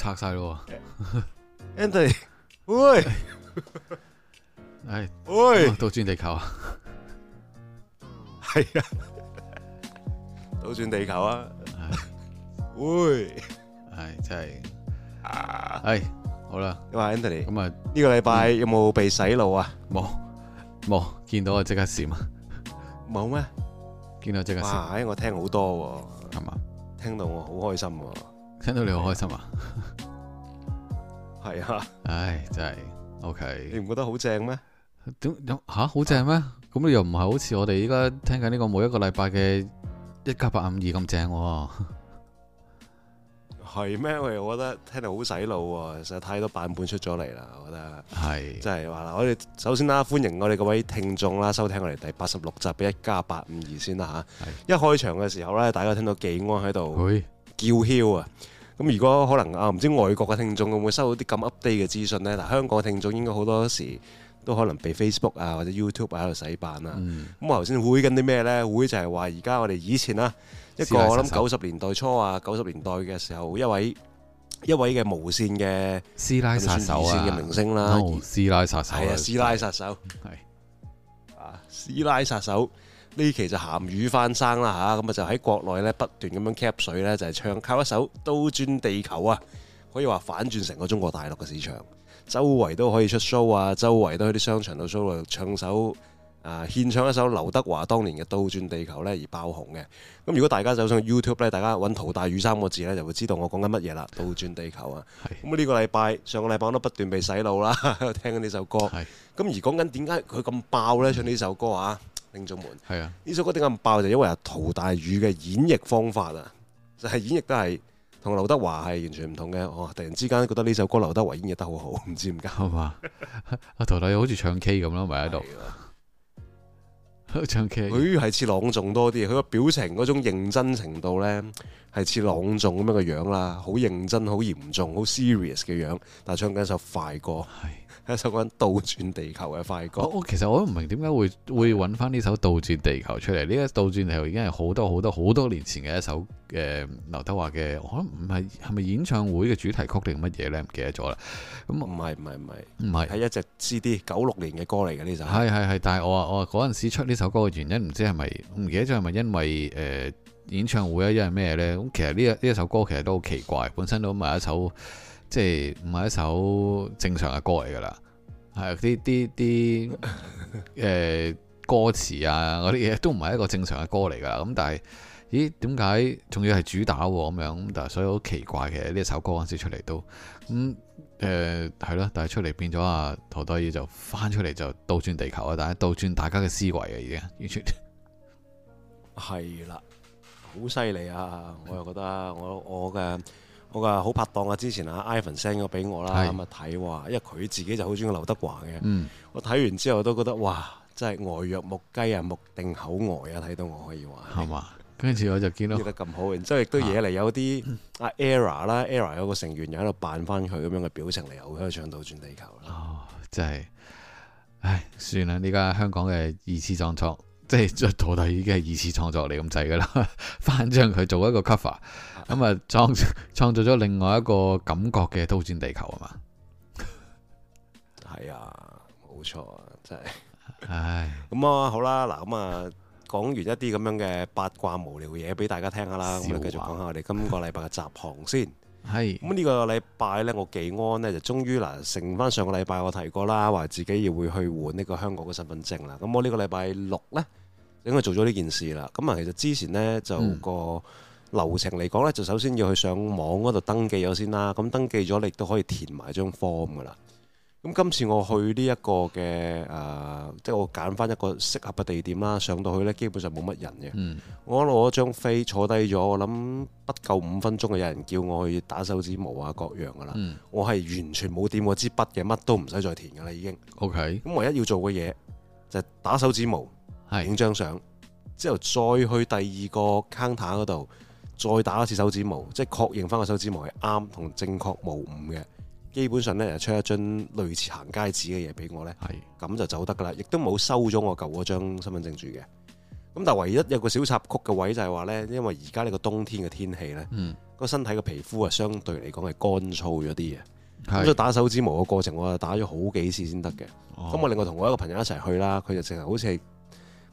拆晒咯，Anthony，喂，哎，喂，倒轉地球啊，係啊，倒轉地球啊，喂，係真係，哎，好啦，你話 Anthony，咁啊呢個禮拜有冇被洗腦啊？冇，冇見到我啊，即刻閃，冇咩？見到即刻閃，哎，我聽好多喎，係嘛？聽到我好開心喎。聽到你好開心 啊，係，哎 okay，啊，唉，啊，真係，O K，你唔覺得好正咩？點吓好正咩？咁你又唔係好似我哋依家聽緊呢個每一個禮拜嘅一加八五二咁正喎？係咩，啊哎？我覺得聽嚟好洗腦，啊，實在太多版本出咗嚟啦。我覺得係，真係話嗱，我哋首先啦，歡迎我哋各位聽眾啦，收聽我哋第八十六集嘅一加八五二先啦，啊，吓。是一開場嘅時候咧，大家聽到紀安喺度。叫囂啊！咁如果可能啊，唔知外國嘅聽眾會唔會收到啲咁 update 嘅資訊呢？嗱，香港嘅聽眾應該好多時都可能被 Facebook 啊或者 YouTube 啊喺度洗版啊。咁我頭先會緊啲咩呢？會就係話而家我哋以前啊，一個我諗九十年代初啊，九十年代嘅時候一位一位嘅無線嘅師奶殺手啊，無線嘅明星啦，師奶殺手，係啊，師奶殺手，係啊，師奶殺手。呢期就鹹魚翻生啦嚇，咁啊就喺國內咧不斷咁樣 cap 水咧，就係、是、唱靠一首《倒轉地球》啊，可以話反轉成個中國大陸嘅市場，周圍都可以出 show 啊，周圍都喺啲商場度 show 嚟唱首啊，獻唱一首劉德華當年嘅《倒轉地球》咧而爆紅嘅。咁如果大家走上 YouTube 咧，大家揾陶大宇三個字咧，就會知道我講緊乜嘢啦，《倒轉地球》啊。咁呢是個禮拜，上個禮拜我都不斷被洗腦啦，喺度聽緊呢首歌。咁是而講緊點解佢咁爆咧？唱呢首歌啊！聽眾們，係啊，呢首歌點解咁爆就是、因為阿陶大宇嘅演繹方法啊，就係、是、演繹都係同劉德華係完全唔同嘅，我、哦、突然之間覺得呢首歌劉德華演繹得好好，唔知點解吧 啊嘛，阿陶大宇好似唱 K 咁咯，咪喺度唱 K，佢係似朗誦多啲，佢個表情嗰種認真程度呢，係似朗誦咁樣嘅樣啦，好認真、好嚴重、好 serious 嘅樣，但係唱緊一首快歌。一首搵倒轉地球嘅快歌，我其實我都唔明點解會會搵翻呢首倒轉地球出嚟？呢個倒轉地球已經係好多好多好多年前嘅一首誒劉德華嘅，我諗唔係係咪演唱會嘅主題曲定乜嘢呢？唔記得咗啦。咁唔係唔係唔係唔係，係一隻 CD 九六年嘅歌嚟嘅呢首。係係係，但係我啊我嗰陣時出呢首歌嘅原因，唔知係咪唔記得咗係咪因為誒演唱會啊，因為咩呢？咁其實呢一呢一首歌其實都好奇怪，本身都唔係一首。即係唔係一首正常嘅歌嚟噶啦，係啲啲啲誒歌詞啊嗰啲嘢都唔係一個正常嘅歌嚟噶。咁但係，咦點解仲要係主打喎，啊？咁樣咁，但係所有奇怪嘅呢一首歌嗰陣時出嚟都咁誒係咯。但係出嚟變咗啊，好多嘢就翻出嚟就倒轉地球啊！但係倒轉大家嘅思維啊，已經完全係啦，好犀利啊！我又覺得我我嘅。我嘅好拍檔啊！之前啊，Ivan send 咗俾我啦，咁啊睇話，因為佢自己就好中意劉德華嘅。我睇完之後都覺得哇，真係呆若木雞啊，目定口呆啊！睇到我可以話係嘛，跟住我就見到演得咁好，然之後亦都惹嚟有啲啊，era 啦，era 有個成員又喺度扮翻佢咁樣嘅表情嚟，好喺度唱到轉地球啦。哦，真係，唉，算啦，呢家香港嘅二次創作，即係到底已經係二次創作嚟咁滯噶啦，反正佢做一個 cover。咁啊，創創造咗另外一個感覺嘅《刀戰地球》啊嘛，係啊，冇錯啊，真係，唉，咁啊好啦，嗱咁啊，講完一啲咁樣嘅八卦無聊嘢俾大家聽下啦，咁啊話，繼續講下我哋今個禮拜嘅集行先，係 是，咁呢個禮拜呢，我寄安呢？就終於嗱，剩翻上個禮拜我提過啦，話自己要會去換呢個香港嘅身份證啦，咁我呢個禮拜六呢，應該做咗呢件事啦，咁啊，其實之前呢，就個、嗯。流程嚟講呢，就首先要去上網嗰度登記咗先啦。咁登記咗，你都可以填埋張 form 㗎啦。咁今次我去呢一個嘅誒、呃，即係我揀翻一個適合嘅地點啦。上到去呢，基本上冇乜人嘅、嗯。我攞張飛坐低咗，我諗不夠五分鐘就有人叫我去打手指模啊各樣㗎啦。嗯、我係完全冇掂過支筆嘅，乜都唔使再填㗎啦已經。OK。咁唯一要做嘅嘢就係、是、打手指模，影張相，是之後再去第二個 counter 嗰度。再打一次手指模，即係確認翻個手指模係啱同正確無誤嘅。基本上咧，就出一張類似行街紙嘅嘢俾我咧。係咁是就走得噶啦，亦都冇收咗我舊嗰張身份證住嘅。咁但係唯一有一個小插曲嘅位就係話咧，因為而家呢個冬天嘅天氣咧，嗯，個身體嘅皮膚啊相對嚟講係乾燥咗啲嘅，咁所以打手指模嘅過程我啊打咗好幾次先得嘅。咁、哦、我另外同我一個朋友一齊去啦，佢就成日好似係。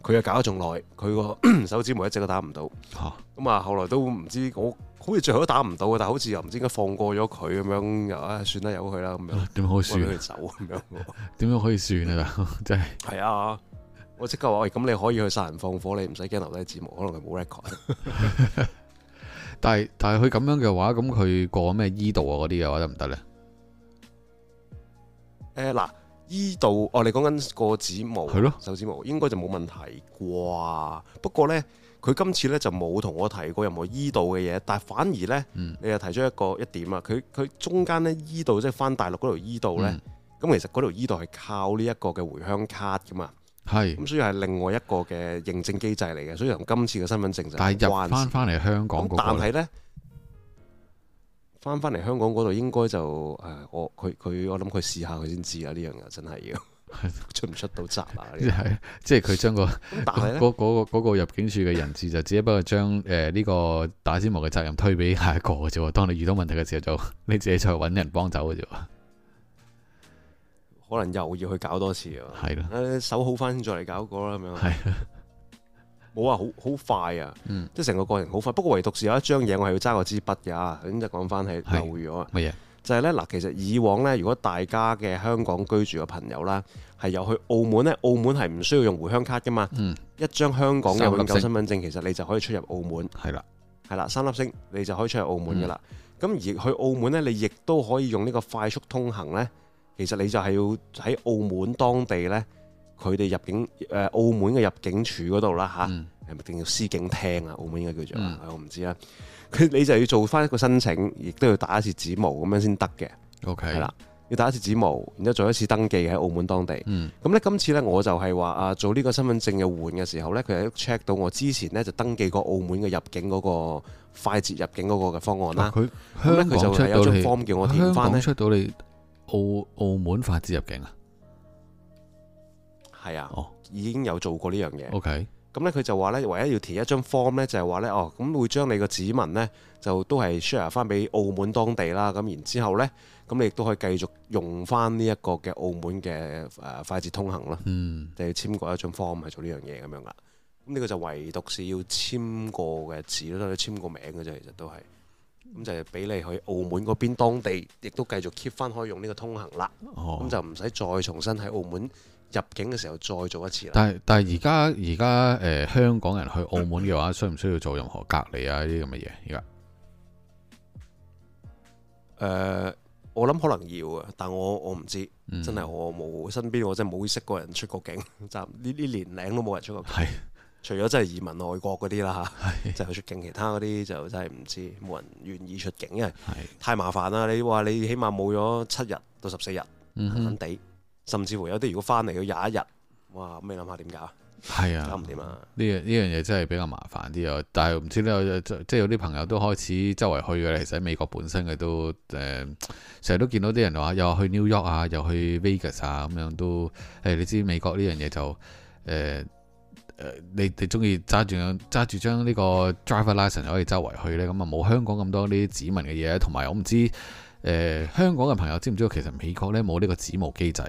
佢又搞咗仲耐，佢個手指模一直都打唔到。咁啊，後來都唔知我好似最後都打唔到嘅，但係好似又唔知點解放過咗佢咁樣，又唉算啦，由佢啦咁樣。點、啊、 可以算佢走咁樣？點樣可以算啊？真係。係啊，我即刻話喂，咁、哎、你可以去殺人放火，你唔使驚留低指模，可能佢冇 record。但係但係佢咁樣嘅話，咁佢過咩 e 道啊嗰啲嘅話得唔得咧？誒嗱。行醫道哦，你講緊個指模，係咯的手指模，應該就冇問題啩？不過呢，佢今次呢就冇同我提過任何醫道嘅嘢，但係反而呢，嗯、你又提出一個一點啊！佢佢中間呢，醫道即係翻大陸嗰度醫道呢。咁、嗯、其實嗰度醫道係靠呢一個嘅回鄉卡㗎嘛，係咁是，所以係另外一個嘅認證機制嚟嘅，所以同今次嘅身份證就係關係。但係入翻嚟香港嗰個呢。但翻翻嚟香港嗰度應該就誒，我佢，佢我諗佢試下佢先知啊！ 呢樣嘢真係要出唔出到閘啊！即係即係佢將個嗰、嗰個、入境處嘅人士就只不過將誒呢個打尖爐嘅責任推俾下一個嘅啫喎。當你遇到問題嘅時候就你自己再揾人幫走嘅啫喎。 可能又要去搞多次啊！係的手好翻先再嚟搞過啦咁樣。的 我話好好快啊，嗯、即係成個過程好快。不過唯獨是有一張嘢，我係要揸個支筆嘅啊。咁就講翻係漏咗啊。乜嘢？就係咧嗱，其實以往咧，如果大家嘅香港居住嘅朋友啦，係有去澳門咧，澳門係唔需要用回鄉卡噶嘛。嗯、一張香港嘅永久身份證，其實你就可以出入澳門。係啦的，係啦，三粒星，你就可以出入澳門嘅啦。咁、嗯、而去澳門咧，你亦都可以用呢個快速通行咧。其實你就係要喺澳門當地咧。佢哋入境，誒，澳門嘅入境處嗰度啦嚇，係咪定叫司警廳啊？澳門應該叫做，我唔知啦。佢你就要做翻一個申請，亦都要打一次指模咁樣先得嘅。OK，係啦，要打一次指模，然之後做一次登記喺澳門當地。咁呢，今次呢，我就係話啊，做呢個身份證嘅換嘅時候呢，佢係 check 到我之前呢就登記過澳門嘅入境嗰個快捷入境嗰個嘅方案啦。佢香港出到你，香港出到你澳澳門快捷入境啊！係啊，哦、已經有做過呢樣嘢。OK，咁咧佢就話咧，唯一要填一張 form 咧，就係話咧，哦，咁會將你個指紋咧，就都係 share 翻俾澳門當地啦。咁然之後咧，咁你亦都可以繼續用翻呢一個嘅澳門嘅誒快捷通行咯。嗯，就要簽過一張 form 係做呢樣嘢咁樣啦。咁、嗯、呢、這個就唯獨是要簽過嘅字咯，簽過名嘅啫，其實都係。咁就係俾你去澳門嗰邊當地，亦都繼續 keep 翻可以用呢個通行啦。咁、哦、就唔使再重新喺澳門。入境嘅時候再做一次啦。但係，但係而家而家，誒香港人去澳門嘅話，需唔需要做任何隔離啊？呢啲咁嘅嘢？而家誒，我諗可能要啊，但我我唔知，嗯、真係我冇身邊，我真係冇識過人出過境，就呢呢年齡都冇人出過。的除咗真係移民外國嗰啲啦嚇，的就出境，其他嗰啲就真係唔知，冇人願意出境，因為太麻煩啦。你話你起碼冇咗七日到十四日，嗯甚至乎有啲如果翻嚟要廿一日，哇！咁你諗下點搞？係啊，搞唔掂啊！呢樣呢樣嘢真係比較麻煩啲啊。但係唔知咧，即係有啲朋友都開始周圍去嘅咧。其實喺美國本身佢都誒，成、呃、日都見到啲人話又去 New York 啊，又去 Vegas 啊，咁樣都誒、哎。你知美國呢樣嘢就誒誒、呃呃，你你中意揸住揸住張呢個 driver license 可以周圍去咧，咁啊冇香港咁多呢啲指紋嘅嘢同埋我唔知誒、呃，香港嘅朋友知唔知道其實美國咧冇呢個指模機制？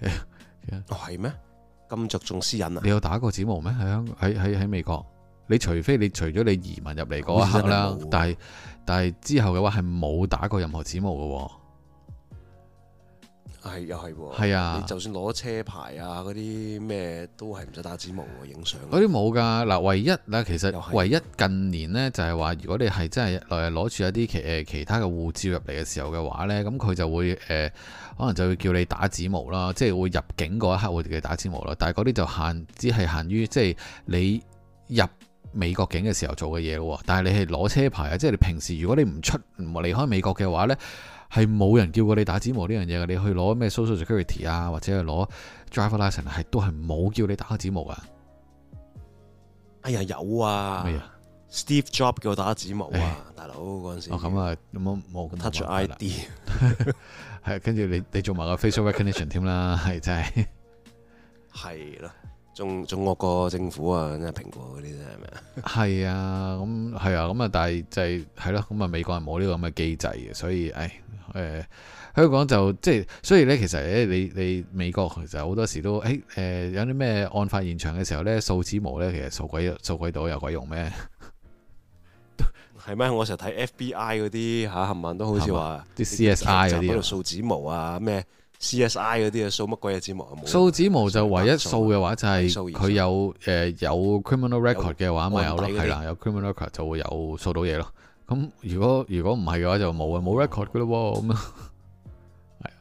Yeah, yeah. 哦，係咩？咁着重私隱啊！你有打過指模咩？喺香港，喺喺喺美國，你除非你除咗你移民入嚟嗰一刻啦，但係但係之後嘅話係冇打過任何指模嘅喎。係又係係啊！就算攞車牌啊，嗰啲咩都係唔使打指模喎，影相嗰啲冇㗎。嗱，唯一嗱，其實唯一近年呢，就係話如果你係真係誒攞住一啲其誒其他嘅護照入嚟嘅時候嘅話呢，咁佢就會誒、呃、可能就會叫你打指模啦，即係會入境嗰一刻會叫你打指模啦。但係嗰啲就限只係限於即係、就是、你入美國境嘅時候做嘅嘢喎。但係你係攞車牌啊，即係你平時如果你唔出唔離開美國嘅話呢。係冇人叫過你打指模呢樣嘢嘅，你去攞咩 social security 啊，或者係攞 driver license，係都係冇叫你打指模啊。哎呀，有啊，Steve Jobs 叫我打指模啊，大佬嗰陣時。哦，咁啊，冇冇 touch ID，係跟住你你做埋個 facial recognition 添啦，係真係。係咯，仲仲惡過政府啊，真係蘋果嗰啲真係咪？係啊，咁係啊，咁啊，但係就係係咯，咁啊，美國人冇呢個咁嘅機制嘅，所以誒。誒、呃，香港就即係、就是，所以咧，其實咧，你你美國其實好多時都誒，誒、欸，有啲咩案發現場嘅時候咧，掃指模咧，其實掃鬼，掃鬼到有鬼，鬼用咩？係 咩？我成日睇 FBI 嗰啲吓，冚唪唥都好似話啲 CSI 嗰啲啊，掃指模啊，咩 CSI 嗰啲啊，掃乜鬼嘢指模？啊？掃指模就唯一掃嘅話就係、是，佢、嗯嗯、有誒、呃、有 criminal record 嘅有話咪底有咯，係啦，有 criminal record 就會有掃到嘢咯。咁如果如果唔係嘅話，就冇啊，冇 record 噶咯喎。咁啊係啊，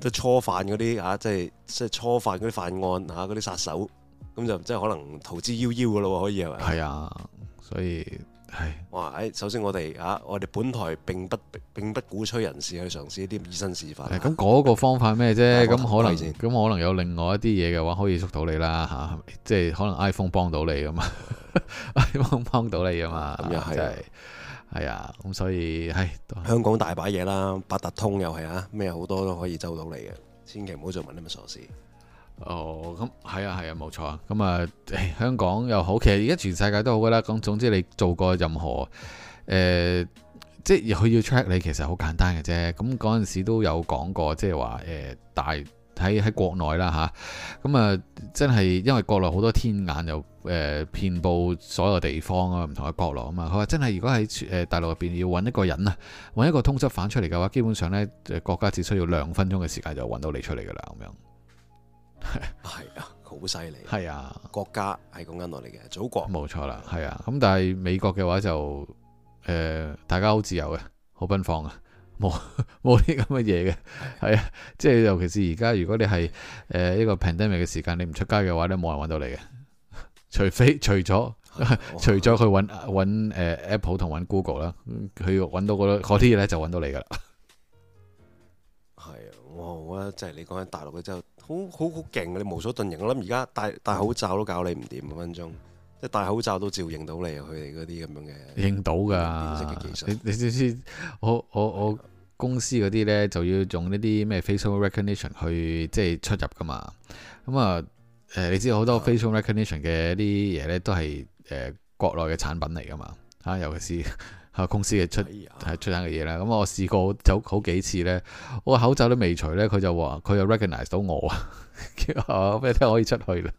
啲 初犯嗰啲啊，即係即係初犯嗰啲犯案吓，嗰啲殺手，咁、啊、就即係可能逃之夭夭噶咯，可以係咪？係啊，所以係哇，誒、欸，首先我哋吓、啊啊，我哋本台並不並不鼓吹人士去嘗試一啲以身試法。咁嗰、嗯、個方法咩啫？咁、 啊、可能咁可能有另外一啲嘢嘅話，可以捉到你啦吓、啊啊，即係可能 iPhone 幫到你噶嘛，iPhone 幫到你啊嘛，真係。いいい係啊，咁所以係香港大把嘢啦，八達通又係啊，咩好多都可以周到你嘅，千祈唔好再問啲咁傻事。哦，咁係啊，係啊，冇錯啊。咁啊、哎，香港又好，其實而家全世界都好㗎啦。咁總之你做過任何誒、呃，即係佢要 check 你，其實好簡單嘅啫。咁嗰陣時都有講過，即係話誒大。喺喺國內啦嚇，咁啊、嗯、真係因為國內好多天眼又誒、呃、遍佈所有地方啊，唔同嘅角落啊嘛。佢、嗯、話真係如果喺誒大陸入邊要揾一個人啊，揾一個通緝犯出嚟嘅話，基本上呢，國家只需要兩分鐘嘅時間就揾到你出嚟噶啦，咁樣係 啊，好犀利啊！係啊，國家係咁恩落嚟嘅祖國，冇錯啦，係啊。咁、嗯、但係美國嘅話就誒、呃，大家好自由嘅，好奔放啊！冇冇啲咁嘅嘢嘅，係啊，即係尤其是而家，如果你係誒呢個 pandemic 嘅時間，你唔出街嘅話咧，冇人揾到你嘅。除非除咗除咗去揾揾誒 Apple 同揾 Google 啦，佢揾到嗰啲嘢咧，就揾到你噶啦。係啊，我我覺得即係你講緊大陸嘅真係好好好勁嘅，你無所遁形。我諗而家戴戴口罩都搞你唔掂五分鐘。即係戴口罩都照認到，應到你，啊，佢哋嗰啲咁樣嘅認到㗎技術。你你知唔知？我我我公司嗰啲咧就要用呢啲咩 face recognition 去即係出入㗎嘛。咁啊，誒、呃、你知好多 face recognition 嘅一啲嘢咧都係誒、呃、國內嘅產品嚟㗎嘛。嚇、啊，尤其是嚇公司嘅出、哎、呀出產嘅嘢啦。咁我試過走好幾次咧，我個口罩都未除咧，佢就話佢又 recognize 到我啊，咩 都可以出去啦。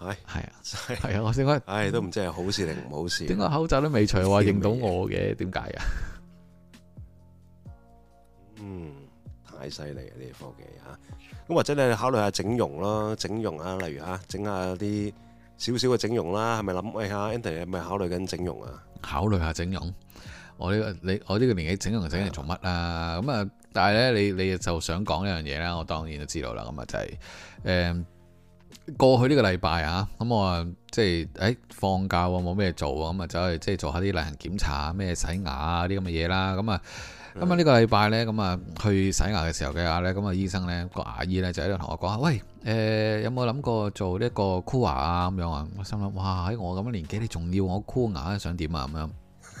係係唉啊，係以啊，我先開。唉，都唔知係好事定唔好事。點解口罩都未除，話認到我嘅？點解啊？嗯，太犀利啊！呢啲科技啊，咁或者你考慮下整容咯，整容啊，例如啊，整下啲少少嘅整容啦，係咪諗？誒，阿 Andy 係咪考慮緊整容啊？是是啊 Inter，考慮下、啊、下整容，我呢、這個你我呢個年紀整容整嚟做乜啊？咁啊、嗯，但係咧，你你就想講一樣嘢啦，我當然都知道啦。咁啊、就是，就係誒。過去呢個禮拜啊，咁我啊即係誒放假喎，冇咩做啊，咁啊走去即係做下啲例行檢查啊，咩洗牙啊啲咁嘅嘢啦，咁啊咁啊呢個禮拜呢，咁啊去洗牙嘅時候嘅話呢，咁啊醫生呢，個牙醫呢，就喺度同我講，喂、誒、欸、有冇諗過做呢個箍牙啊咁樣啊？我心諗，哇喺我咁嘅年紀，你仲要我箍牙，想點啊咁樣？咁啊、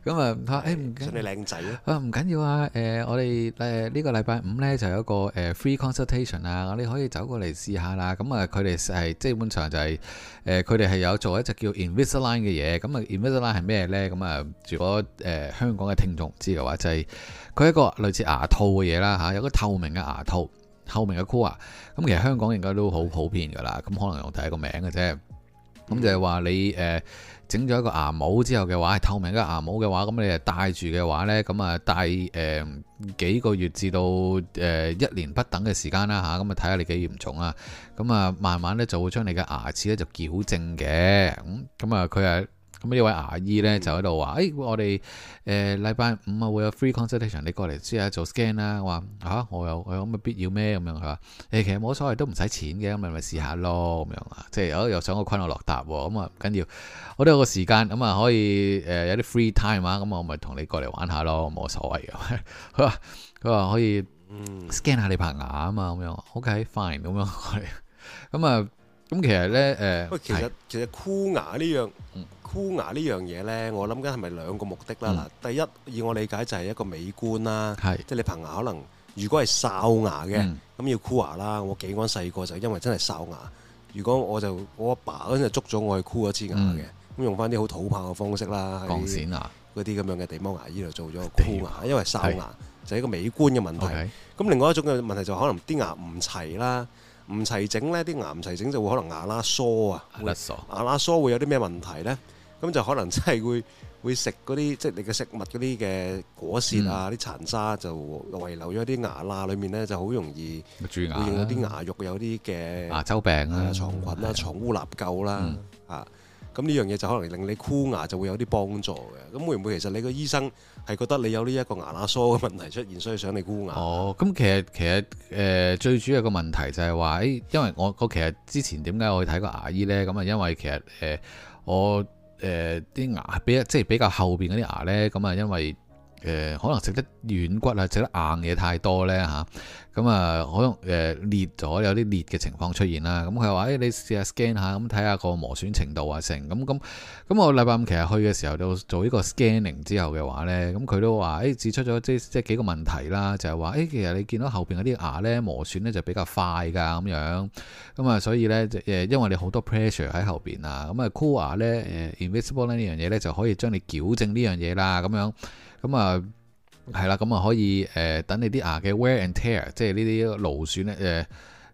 嗯，誒、哎、唔緊你靚仔咯。啊，唔緊要啊。誒，我哋誒呢個禮拜五呢，就有一個誒 free consultation 啊，我哋可以走過嚟試下啦。咁啊，佢哋係基本上就係、是、誒，佢哋係有做一隻叫 Invisalign 嘅嘢。咁啊 Invisalign 係咩呢？咁、嗯、啊、嗯，如果誒、呃、香港嘅聽眾知嘅話，就係、是、佢一個類似牙套嘅嘢啦。吓、啊，有個透明嘅牙套，透明嘅箍牙。咁、嗯、其實香港應該都好普遍噶啦。咁是可能用第一個名嘅啫。咁、嗯、就係話你誒整咗一個牙帽之後嘅話，係透明嘅牙帽嘅話，咁你係戴住嘅話呢，咁啊戴誒、呃、幾個月至到誒、呃、一年不等嘅時間啦吓，咁啊睇下你幾嚴重啊，咁啊慢慢呢就會將你嘅牙齒呢就矯正嘅，咁咁啊佢係。咁呢位牙醫咧就喺度話，誒，我哋誒禮拜五啊會有 free consultation，你過嚟試下做 scan 啦。我話吓，我有我有咁嘅必要咩咁樣？佢話，誒、欸，其實冇所謂，都唔使錢嘅，咁咪咪試下咯，咁樣啊，即係我又想個困難落搭喎，咁啊唔緊要，我都有個時間，咁、嗯、啊可以誒、呃、有啲 free time 啊、嗯，咁我咪同你過嚟玩，玩下咯，冇所謂嘅。佢話：佢話可以 scan 下你棚牙啊嘛，咁樣。OK fine，咁樣過嚟。咁、嗯、啊，咁其實咧誒，其實其實箍牙呢這樣、嗯。箍牙呢樣嘢呢，我諗緊係咪兩個目的啦？嗱、嗯，第一，以我理解就係一個美觀啦，是即係你棚牙可能如果係哨牙嘅，咁、嗯、要箍牙啦。我幾蚊細個就因為真係哨牙，如果我就我阿爸嗰陣就捉咗我去箍、嗯、一支牙嘅，咁用翻啲好土炮嘅方式啦，鋼線、嗯、牙嗰啲咁樣嘅地方。牙醫度做咗個箍牙，摩因為哨牙是就係一個美觀嘅問題。咁 okay. 另外一種嘅問題就可能啲牙唔齊啦，唔齊整呢，啲牙唔齊整就會可能牙罅疏啊，牙罅疏會有啲咩問題呢？咁就可能真係會會食嗰啲即係你嘅食物嗰啲嘅果屑啊，啲、嗯、殘渣就遺留咗啲牙罅裏面咧，就好容易會令到啲牙肉有啲嘅牙周病啊，藏菌啦、藏污納垢啦啊。咁呢樣嘢就可能令你箍牙就會有啲幫助嘅。咁會唔會其實你個醫生係覺得你有呢一個牙罅疏嘅問題出現，嗯、所以想你箍牙？哦，咁其實其實誒、呃、最主要嘅問題就係話誒，因為我個其實之前點解我去睇過牙醫咧？咁啊，因為其實誒、呃呃、我實。呃呃呃呃呃呃嗯呃誒啲、呃、牙比，即係比較後邊嗰啲牙咧，咁啊因為。誒可能食得軟骨得啊，食得硬嘢太多咧嚇，咁啊可能誒裂咗有啲裂嘅情況出現啦。咁佢話：誒、哎、你試下 scan 下，咁睇下個磨損程度啊，成咁咁咁。我禮拜五其實去嘅時候就做呢個 scanning 之後嘅話咧，咁佢都話：誒、嗯、指、哎、出咗即即幾個問題啦，就係話誒其實你見到後邊嗰啲牙咧磨損咧就比較快㗎咁樣。咁、嗯、啊，所以咧誒、嗯、因為你好多 pressure 喺後邊啊，咁啊箍牙咧誒 invisible 呢樣嘢咧就可以將你矯正呢樣嘢啦咁樣。咁啊，係啦、啊，咁啊可以誒、呃，等你啲牙嘅 wear and tear，即係呢啲勞損咧，誒、呃、呢、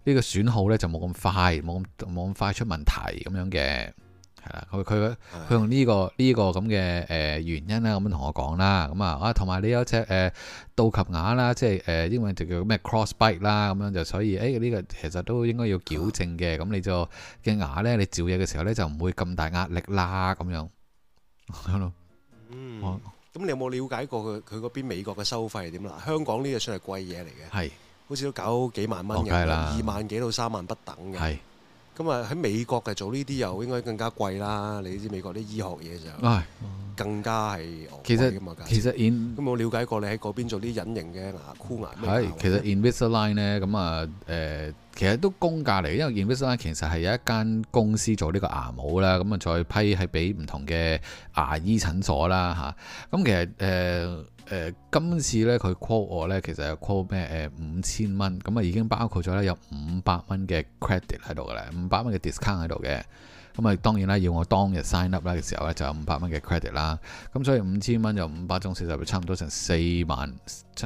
這個損耗咧就冇咁快，冇咁冇咁快出問題咁樣嘅，係啦、啊。佢佢佢用呢個呢、這個咁嘅誒原因咧，咁樣同我講啦。咁啊啊，同埋、啊、你有隻誒倒及牙啦，即係誒、呃、英文就叫咩 cross bite 啦，咁樣就所以誒呢、哎這個其實都應該要矯正嘅。咁你就嘅牙咧，你照嘢嘅時候咧就唔會咁大壓力啦，咁樣。 mm. 咁你有冇了解過佢佢嗰邊美國嘅收費係點啦？香港呢啲算係貴嘢嚟嘅，係是，好似都搞幾萬蚊嘅，二萬幾到三萬不等嘅。咁啊喺美國嘅做呢啲又應該更加貴啦！你知美國啲醫學嘢就係更加係，其實其實冇了解過你喺嗰邊做啲隱形嘅牙箍牙係其實 Invisalign 咧，咁啊、嗯、誒、呃、其實都公價嚟，因為 Invisalign 其實係有一間公司做呢個牙模啦，咁啊再批係俾唔同嘅牙醫診所啦嚇。咁、嗯、其實誒。呃誒、呃，今次咧佢 call 我咧，其實係 call 咩？誒、呃，五千蚊咁啊，已經包括咗咧有五百蚊嘅 credit 喺度嘅咧，五百蚊嘅 discount 喺度嘅。咁、嗯、啊，當然啦，要我當日 sign up 啦嘅時候咧，就有五百蚊嘅 credit 啦。咁、嗯、所以五千蚊就五百種四十，差唔多成四萬、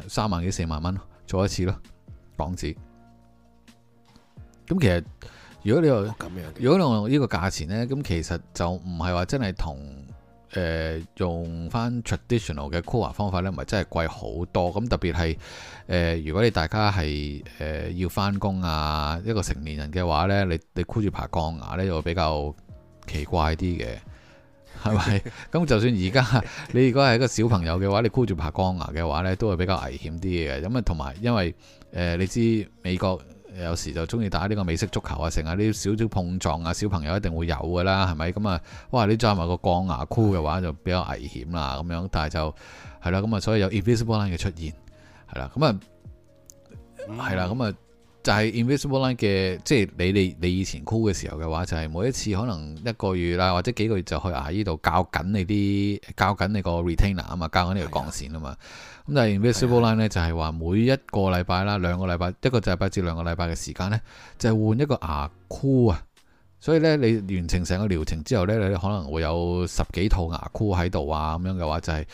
三萬幾四萬蚊做一次咯，港紙。咁其實如果你又，哦、樣如果你用呢個價錢咧，咁其實就唔係話真係同。誒、呃、用翻 traditional 嘅箍、cool、牙、er、方法咧，唔係真係貴好多。咁特別係誒、呃，如果你大家係誒、呃、要翻工啊，一個成年人嘅話咧，你你箍住爬鋼牙咧，就比較奇怪啲嘅，係咪？咁 就算而家你如果係一個小朋友嘅話，你箍住爬鋼牙嘅話咧，都係比較危險啲嘅。咁啊，同埋因為誒、呃，你知美國。有時就中意打呢個美式足球啊，成日啲少少碰撞啊，小朋友一定會有噶啦，係咪？咁啊，哇！你撞埋個鋼牙箍嘅話就比較危險啦，咁樣。但係就係啦，咁啊，所以有 invisible line 嘅出現，係啦，咁啊，係啦，咁啊。就係 invisible line 嘅，即係你你你以前箍嘅時候嘅話，就係每一次可能一個月啦，或者幾個月就去牙醫度教緊你啲，教緊你個 retainer 啊嘛，教緊你個鋼線啊嘛。咁但係 invisible line 咧就係話每一個禮拜啦，兩個禮拜，一個禮拜至兩個禮拜嘅時間咧，就係換一個牙箍啊。所以咧，你完成成個療程之後咧，你可能會有十幾套牙箍喺度啊咁樣嘅話，就係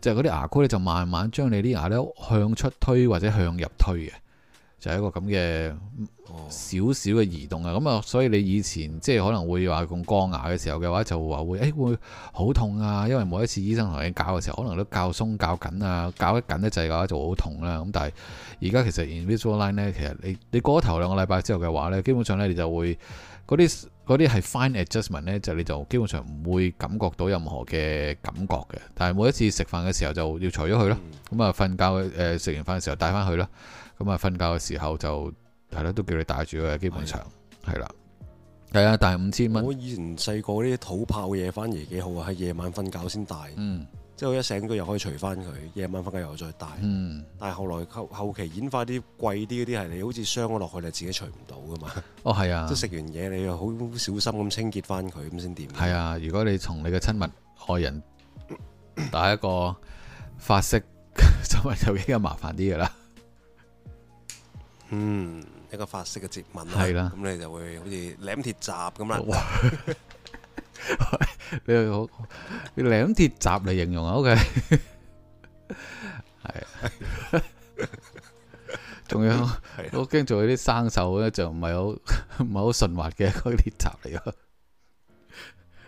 就係嗰啲牙箍咧就慢慢將你啲牙咧向出推或者向入推嘅。就係一個咁嘅少少嘅移動啊，咁啊、哦，所以你以前即係可能會話咁鋼牙嘅時候嘅話，就話會誒會好、哎、痛啊，因為每一次醫生同你搞嘅時候，可能都較鬆較緊啊，搞得緊一陣嘅話就好痛啦。咁但係而家其實 invisual line 呢，其實你你過咗頭兩個禮拜之後嘅話呢，基本上呢，你就會嗰啲嗰啲係 fine adjustment 呢，就你就基本上唔會感覺到任何嘅感覺嘅。但係每一次食飯嘅時候就要除咗佢咯，咁啊瞓覺誒食、呃、完飯嘅時候帶翻去啦。咁啊，瞓覺嘅時候就係咯，都叫你戴住嘅，基本上係啦，係啊的，戴五千蚊。但我以前細個啲土炮嘢，翻嚟幾好啊，喺夜晚瞓覺先戴，嗯，即係一醒佢又可以除翻佢，夜晚瞓覺又再戴，嗯。但係後來後，後期演化啲貴啲嗰啲係，你好似傷咗落去，你自己除唔到噶嘛？哦，係啊，即係食完嘢你又好小心咁清潔翻佢咁先掂。係啊，如果你同你嘅親密愛人，打一個髮式，就係就比較麻煩啲噶啦。嗯，一個法式嘅接吻係啦，咁你就會好似舐鐵閘咁啦。邊度好？邊度舐鐵閘嚟形容啊？OK，係，仲有我驚做啲生銹咧，就唔係好唔係好順滑嘅啲鐵閘嚟嘅。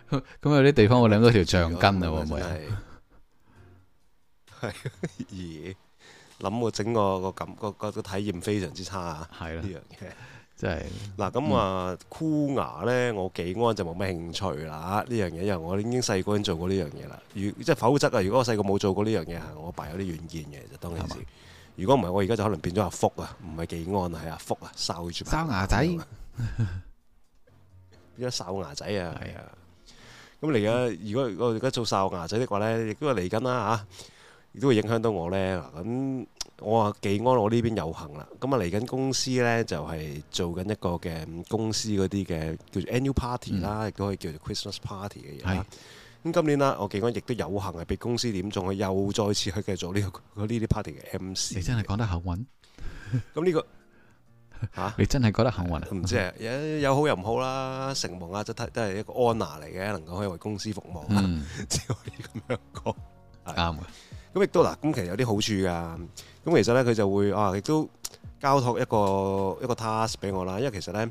咁咁有啲地方會舐到條橡筋啊，會唔會啊？係啊，咦？諗個整個個感個個個體驗非常之差啊！係咯，呢樣嘢真係嗱咁啊！箍牙咧，我技安就冇咩興趣啦。呢樣嘢，因為我已經細個已經做過呢樣嘢啦。如即係否則啊，如果我細個冇做過呢樣嘢，我爸有啲遠見嘅。其實當時，如果唔係我而家就可能變咗阿福啊，唔係技安係阿福啊，哨住哨牙仔，變咗哨牙仔啊？係啊！咁嚟啊！如果我而家做哨牙仔的話咧，亦都係嚟緊啦嚇。亦都會影響到我咧，咁我話幾安我呢邊有幸啦，咁啊嚟緊公司咧就係做緊一個嘅公司嗰啲嘅叫做 Annual Party 啦，亦都可以叫做 Christmas Party 嘅嘢啦。咁今年啦，我幾安亦都有幸係畀公司點中佢又再次去繼續做呢個呢啲 party 嘅 MC。你真係講得幸運？咁呢個嚇？你真係覺得幸運？唔知啊，有有好有唔好啦。承蒙啊，都都係一個 honour 嚟嘅，能夠可以為公司服務啊，只可以咁樣講。啱嘅。咁亦都嗱，咁其實有啲好處㗎。咁其實咧，佢就會啊，亦都交託一個一個 task 俾我啦。因為其實咧，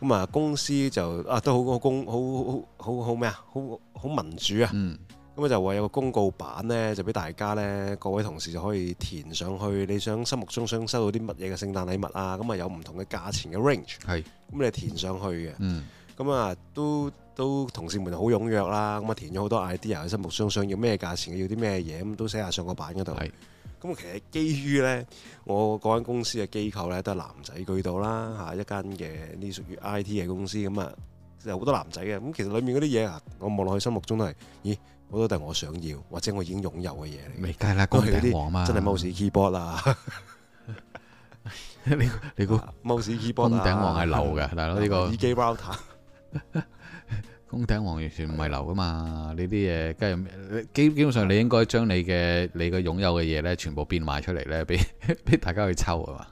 咁啊公司就啊都好公好好好好咩啊，好好，好，好，好民主啊。咁啊、嗯、就話有個公告板咧，就俾大家咧各位同事就可以填上去，你想心目中想收到啲乜嘢嘅聖誕禮物啊？咁啊有唔同嘅價錢嘅 range 是。係。咁你填上去嘅。嗯咁啊，都都同事們好踴躍啦，咁啊填咗好多 idea 喺心目中，想要咩價錢嘅，要啲咩嘢，咁都寫下上個板嗰度。咁其實基於咧，我嗰間公司嘅機構咧都係男仔居多啦，嚇一間嘅呢屬於 IT 嘅公司，咁啊有好多男仔嘅。咁其實裏面嗰啲嘢啊，我望落去心目中都係，咦好多都係我想要或者我已經擁有嘅嘢嚟。咪係啦，工頂王嘛，真係 mouse keyboard 啊！你你個 mouse keyboard 啊？工頂王係流嘅，大佬呢個。宮 廷王完全唔係流噶嘛？呢啲嘢，跟住基基本上你應該將你嘅你嘅擁有嘅嘢咧，全部變賣出嚟咧，俾俾大家去抽係嘛？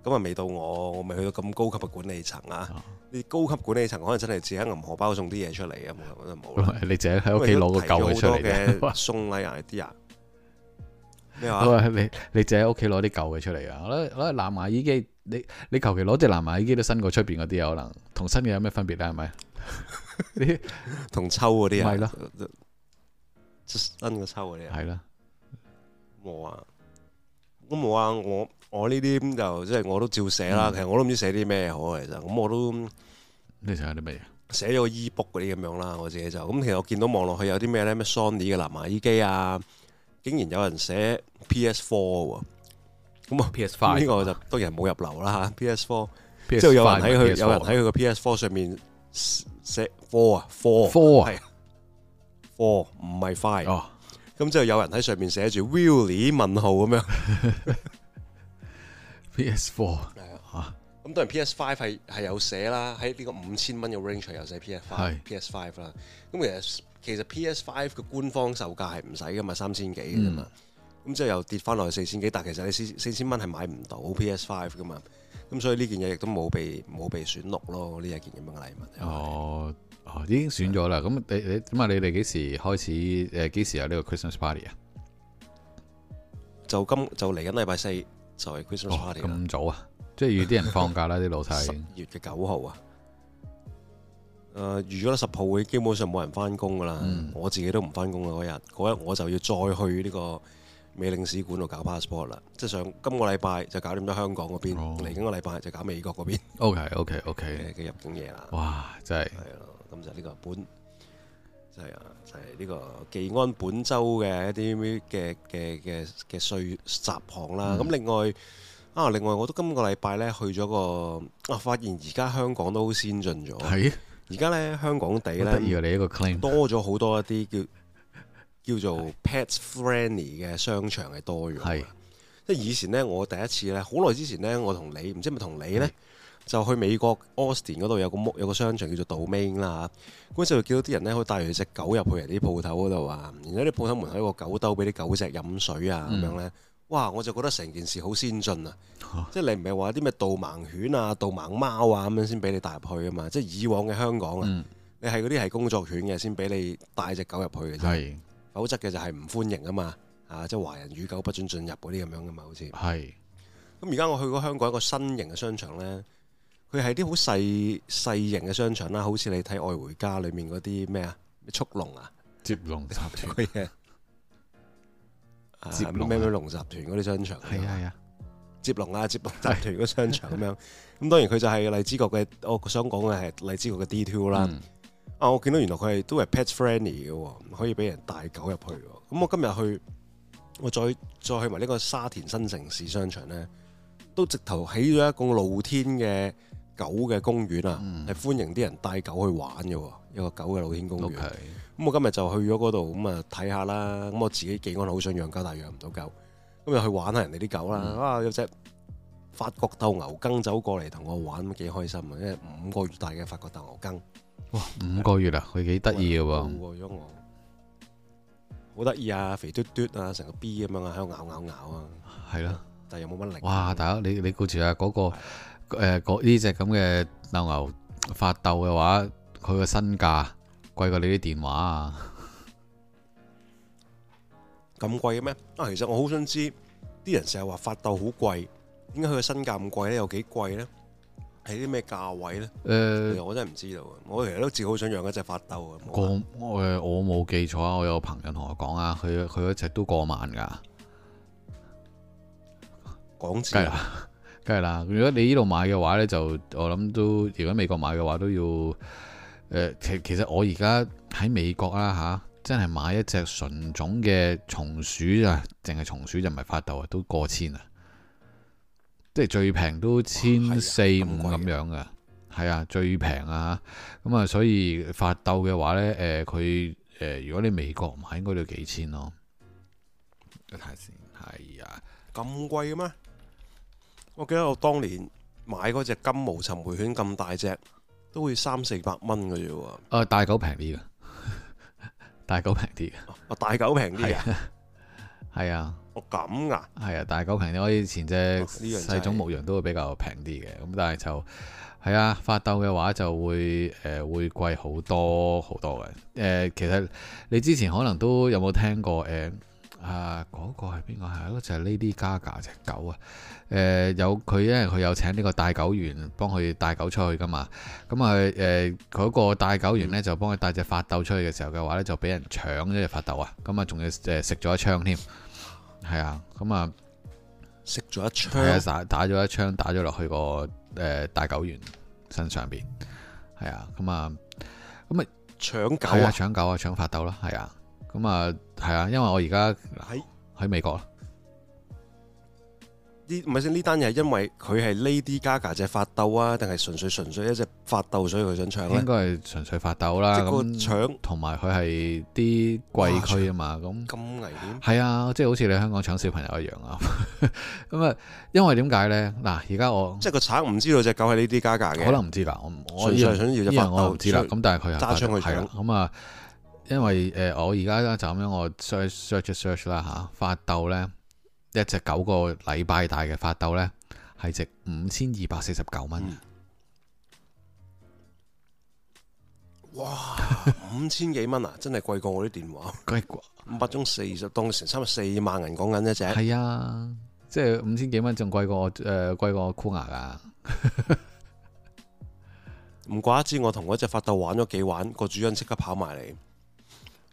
咁啊，未到我，我未去到咁高級嘅管理層啊！你、啊、高級管理層可能真係自己銀荷包送啲嘢出嚟啊！冇、啊麼啊，我覺得冇咯。你淨係喺屋企攞個舊嘅出嚟。嘅，送禮啊啲人，咩話？你你淨喺屋企攞啲舊嘅出嚟啊！攞攞藍牙耳機。你你求其攞隻藍牙耳機都新過出邊嗰啲，可能，同新嘅有咩分別咧？係咪？同抽嗰啲啊？係咯，新過抽嗰啲啊？係啦，冇啊，咁冇啊，我我呢啲咁就即係我都照寫啦。其實我都唔知寫啲咩好，其實咁我都你睇下啲咩啊？寫咗個 Ebook 嗰啲咁樣啦，我自己就咁。其實我見到望落去有啲咩咧？咩 Sony 嘅藍牙耳機啊，竟然有人寫 PS Four 喎。咁啊，P.S. Five 呢個就當然冇入流啦吓。P.S. Four 之後有人喺佢有人喺佢個 P.S. Four 上面寫 Four 啊 Four Four 係 Four 唔係 Five 哦。咁之後有人喺上面寫住 Really 問號咁樣。P.S. Four 係啊吓。咁當然 P.S. Five 係係有寫啦，喺呢個五千蚊嘅 range 又寫 P.S. Five P.S. Five 啦。咁其實其實 P.S. Five 嘅官方售價係唔使噶嘛，三千幾噶啫嘛。咁、嗯、之後又跌翻落去四千幾，但其實你四四千蚊係買唔到 P S Five 噶嘛，咁、嗯、所以呢件嘢亦都冇被冇被選落咯，呢一件咁樣嘅禮物。哦哦，已經選咗啦。咁、嗯、你你咁啊？你哋幾時開始？誒、呃、幾時有呢個 Christmas Party 啊？就今就嚟緊禮拜四就係 Christmas Party 啦咁、哦、早啊？ 即係要啲人放假啦，啲老太，十月嘅九號啊。誒，預咗十號，會基本上冇人翻工噶啦。嗯、我自己都唔翻工嗰日，嗰日我就要再去呢、這個。美領事館度搞 passport 啦，即係上今個禮拜就搞掂咗香港嗰邊，嚟、oh. 今個禮拜就搞美國嗰邊。OK OK OK 嘅入境嘢啦，哇真係。係咯，咁就呢個本，就係、是、就係、是、呢個寄安本州嘅一啲嘅嘅嘅嘅稅集行啦。咁、嗯、另外啊，另外我都今個禮拜咧去咗個啊，發現而家香港都好先進咗。係是，而家咧香港地咧得意你一個 claim 多咗好多一啲叫。叫做 pet-friendly 嘅商場係多咗，即係是以前呢，我第一次呢，好耐之前呢，我同你唔知係咪同你呢，就去美國 Austin 嗰度有個有個商場叫做 Domain 啦。嗰陣時候我見到啲人呢，可以帶住隻狗入去人哋啲鋪頭嗰度啊，然後啲鋪頭門口個狗兜俾啲狗隻飲水啊咁樣呢，哇！我就覺得成件事好先進、嗯、啊，即係你唔係話啲咩導盲犬啊、導盲貓啊咁樣先俾你帶入去啊嘛，即係以往嘅香港啊，嗯、你係嗰啲係工作犬嘅先俾你帶隻狗入去嘅。否則嘅就係唔歡迎啊嘛，啊，即係華人與狗不准進入嗰啲咁樣噶嘛，好似係。咁而家我去過香港一個新型嘅商場咧，佢係啲好細細型嘅商場啦，好似你睇《愛回家》裏面嗰啲咩啊，速龍的的啊，接龍集團啊，接咩龍集團嗰啲商場，係啊係啊，接龍啊，接龍集團個商場咁樣。咁當然佢就係荔枝角嘅，我想講嘅係荔枝角嘅 D Two 啦、嗯。啊！我見到原來佢係都係 pet friendly 嘅，可以俾人帶狗入去。咁、嗯、我今日去，我再再去埋呢個沙田新城市商場咧，都直頭起咗一個露天嘅狗嘅公園啊，係、嗯、歡迎啲人帶狗去玩嘅。一個狗嘅露天公園。咁 Okay. 我今日就去咗嗰度，咁啊睇下啦。咁我自己幾安好想養狗，但係養唔到狗。咁又去玩下人哋啲狗啦。嗯、啊，有隻法國鬥牛梗走過嚟同我玩，幾開心啊！因為五個月大嘅法國鬥牛梗。哇，五個月啦，佢幾得意嘅喎，好得意啊，肥嘟嘟啊，成個 B 咁樣啊，喺度咬咬咬啊，係咯，但係又冇乜力。哇，大佬，你你估住啊，嗰個誒，嗰呢隻咁嘅鬥牛發鬥嘅話，佢個身價貴過你啲電話啊？咁貴嘅咩？啊，其實我好想知，啲人成日話發鬥好貴，點解佢個身價咁貴咧？有幾貴咧？睇啲咩價位呢？誒、呃，我真係唔知道啊！我其實都自己好想養一隻法鬥。啊個！我我冇記錯啊！我有朋友同我講啊，佢佢一隻都過萬噶，港紙啊！梗係啦！如果你呢度買嘅話呢就我諗都，如果美國買嘅話都要誒、呃。其其實我而家喺美國啦吓、啊，真係買一隻純種嘅松鼠啊，淨係松鼠就唔係法鬥，啊，都過千啊！即係最平都千四五咁樣嘅，係啊，最平啊嚇。咁啊，所以發鬥嘅話咧，誒佢誒如果你美國買，應該都要幾千咯、哦。睇先、嗯，係啊，咁、哎、貴嘅咩？我記得我當年買嗰隻金毛尋回犬咁大隻，都會三四百蚊嘅啫喎。大狗平啲嘅，大狗平啲嘅，大狗平啲啊，係啊。咁啊，係啊，啊，大狗平啲，我以前隻細種牧羊都會比較平啲嘅。咁但係就係啊，發鬥嘅話就會誒、呃、會貴好多好多嘅。誒、呃，其實你之前可能都有冇聽過誒、呃、啊？嗰、那個係邊個係咯？就係、是、Lady Gaga 隻狗啊。誒、呃、有佢咧，佢有請呢個大狗員幫佢帶狗出去噶嘛。咁啊誒嗰個大狗員呢，就幫佢帶隻發鬥出去嘅時候嘅話呢，就俾人搶咗隻發鬥啊。咁啊，仲要誒食咗一槍添。係啊，咁啊，射咗一槍，啊，打打咗一槍，打咗落去個誒、呃、大狗員身上邊，係啊，咁啊，咁咪啊搶狗啊，搶狗啊，搶法鬥啦，係啊，咁啊，係啊，因為我而家喺喺美國啦。啲唔係先呢單嘢係因為佢係 Lady Gaga 隻發鬥啊，定係純粹純粹一隻發鬥，所以佢想搶咧？應該係純粹發鬥啦。即個搶同埋佢係啲貴區啊嘛，咁咁危險。係啊，即係好似你香港搶小朋友一樣啊。咁啊，因為點解咧？嗱，而家我即係個賊唔知道隻狗係 Lady Gaga 嘅，可能唔知㗎。我我係想因為我唔知啦。咁但係佢又揸槍去搶。咁啊，因為誒，我而家就咁樣，我 search search search 啦嚇，發鬥咧。一隻九個禮拜大嘅法鬥呢，係值五千二百四十九蚊。哇，五千幾蚊啊，真係貴過我啲電話，貴 五百宗四十檔成三十四萬人講緊一隻，係啊，即係五千幾蚊仲貴過誒，貴、呃、過箍牙啊。唔 怪之，我同嗰隻法鬥玩咗幾玩，個主人即刻跑埋嚟。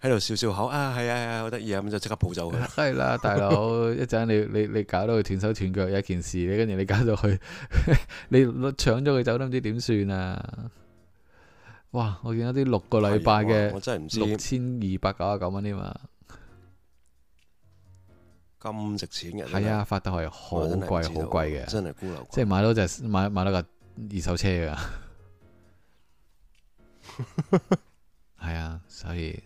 喺度笑笑口啊，係啊係啊，好得意啊，咁就即刻抱走佢。係啦、 啊，大佬，一陣你你你搞到佢斷手斷腳有一件事，你跟住你搞到佢， 你搶咗佢走都唔知點算啊！哇，我見到啲六個禮拜嘅，六千二百九十九蚊添啊，咁、啊、值錢嘅係啊，發得係好貴好貴嘅，真係孤陋，寡即係買到隻、就是、買買到個二手車啊，係啊，所以。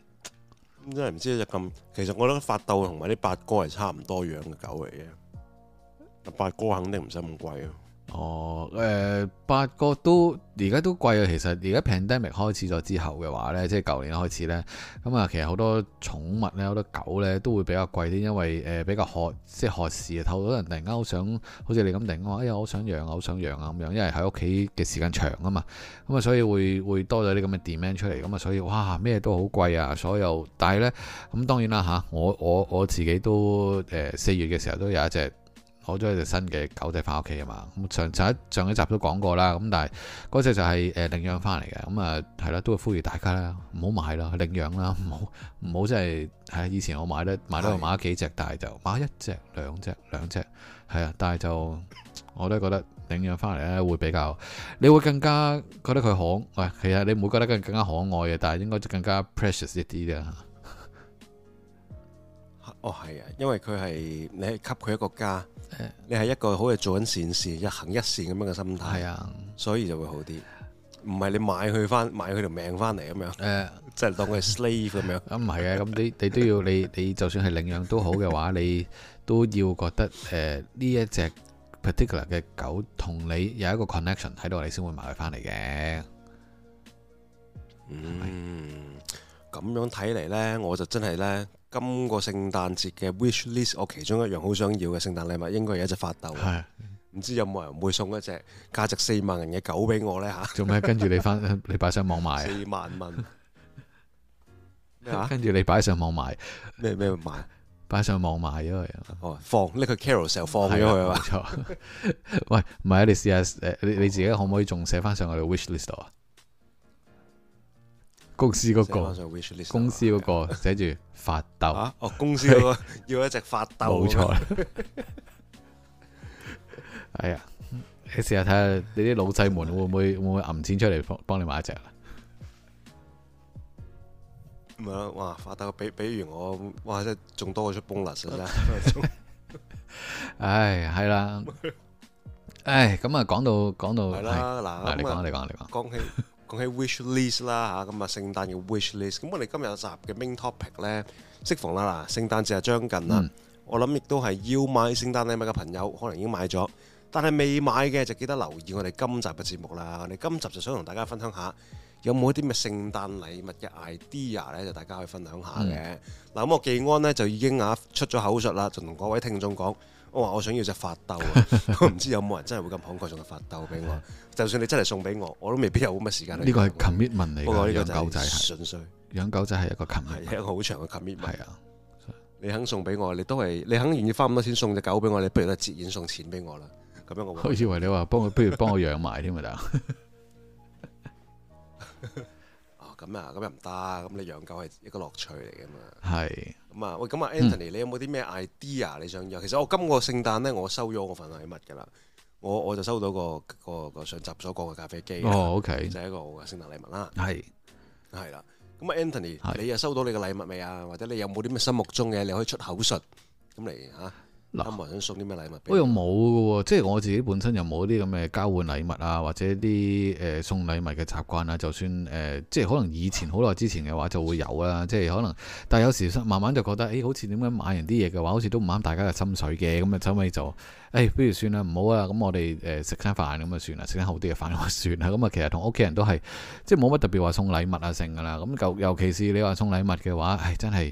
真係唔知就咁，其實我覺得法鬥同埋啲八哥係差唔多樣嘅狗嚟嘅，八哥肯定唔使咁貴。哦，誒、呃、八哥都而家都貴啊！其實而家 pandemic 開始咗之後嘅話呢，即係舊年開始呢。咁、嗯、啊，其實好多寵物呢，好多狗呢，都會比較貴啲，因為誒、呃、比較渴，即係渴市啊，好多人都突然間好想，好似你咁定話，哎呀，好想養啊，好想養啊咁樣，因為喺屋企嘅時間長啊嘛，咁、嗯、啊，所以會會多咗啲咁嘅 demand 出嚟咁啊，所以哇，咩都好貴啊，所有但係呢，咁、嗯、當然啦吓，我我我，我自己都誒四、呃、月嘅時候都有一隻。攞咗一隻新嘅狗仔翻屋企啊嘛，咁上上一集都講過啦，咁但係嗰隻就係誒領養翻嚟嘅，咁啊係啦，都會呼籲大家啦，唔好買啦，領養啦，唔好唔好即係，係以前我買咧買都係買咗幾隻，但係就買一隻、兩隻、兩隻，係啊，但係就我都覺得領養翻嚟咧會比較，你會更加覺得佢可愛，其實你唔會覺得更更加可愛嘅，但係應該更加 precious 一啲嘅 哦係啊，因為佢係你係給佢一個家。Uh, 你係一個好似做緊善事，一行一善咁樣嘅心態，啊，uh, 所以就會好啲。唔係你買佢翻，買佢條命翻嚟咁樣，誒，uh, 即係當佢係 slave 咁樣。咁唔係嘅，咁你你都要，你你就算係領養都好嘅話， 你都要覺得誒呢、呃、一隻 particular 嘅狗同你有一個 connection 喺度，你先會買佢翻嚟嘅。嗯，咁是樣睇嚟呢，我就真係呢。今個聖誕節嘅 wish list，我其中一樣好想要嘅聖誕禮物應該係一隻法鬥，係啊，唔知有冇人會送一隻價值四萬銀嘅狗俾我咧嚇？做咩？跟住你翻，你擺上網賣四萬蚊。跟住你擺上網賣咩咩買？擺上網賣咗、哦、啊！放拎佢 Carousell 放咗佢啊！冇錯。喂，唔係啊！你試下你你自己可唔可以仲寫翻上我哋 wish list 啊？公司嗰個公司個寫住發斗，哦，公司嗰個要一隻發斗，冇錯。係啊，你試下睇下你啲老細們會唔會會唔會揞錢出嚟幫你買一隻啦？唔係哇發斗，比比完我哇，即係仲多過出 bonus 啦，真係。唉，係啦，唉，咁啊，講到講到嗱，你講你講你講。講起 wish list 啦吓，咁啊聖誕嘅 wish list，咁我哋今日有集嘅 main topic 呢，適逢啦嗱，聖誕節啊將近啦，嗯、我諗亦都係要買聖誕禮物嘅朋友，可能已經買咗，但係未買嘅就記得留意我哋今集嘅節目啦。我哋今集就想同大家分享下，有冇啲咩聖誕禮物嘅 idea 呢，就大家可以分享下嘅。嗱咁、嗯、我寄安呢，就已經啊出咗口術啦，就同各位聽眾講，我話我想要隻法鬥啊，我唔 知有冇人真係會咁慷慨送個法鬥俾我。就算你真係送俾我，我都未必有咁嘅時間。呢個係 commitment 嚟，養狗仔純粹養狗仔係一個 commitment，係一個好長嘅 commitment。係啊，你肯送俾我，你都係你肯願意花咁多錢送隻狗俾我，你不如都係直接送錢俾我啦。咁樣我我以為你話幫我，不如幫我養埋添嘛？得啊！啊咁啊，咁又唔得。咁你養狗係一個樂趣嚟噶嘛？係。咁啊，喂，咁啊，Anthony，你有冇啲咩 idea 你想要？其實我今個聖誕咧，我收咗我份禮物噶啦。我我就收到個個個上集所講嘅咖啡機，哦，OK，就係一個我嘅聖誕禮物啦。係是，係啦。咁啊，Anthony，的你又收到你嘅禮物未啊？或者你有冇啲咩心目中嘅你可以出口述咁嚟嚇？嗱，想送啲咩禮物？我又冇嘅喎，即係我自己本身又冇啲咁嘅交換禮物啊，或者啲誒、呃、送禮物嘅習慣啊。就算誒、呃，即係可能以前好耐之前嘅話就會有啊，即係可能。但係有時慢慢就覺得，誒、哎、好似點解買完啲嘢嘅話，好似都唔啱大家嘅心水嘅，咁啊、嗯，周尾就誒、哎，不如算啦，唔好啊。咁我哋誒食餐飯咁啊算啦，食餐好啲嘅飯咁啊算啦。咁啊、嗯，其實同屋企人都係即係冇乜特別話送禮物啊剩噶啦。咁尤其是你話送禮物嘅話，誒、哎、真係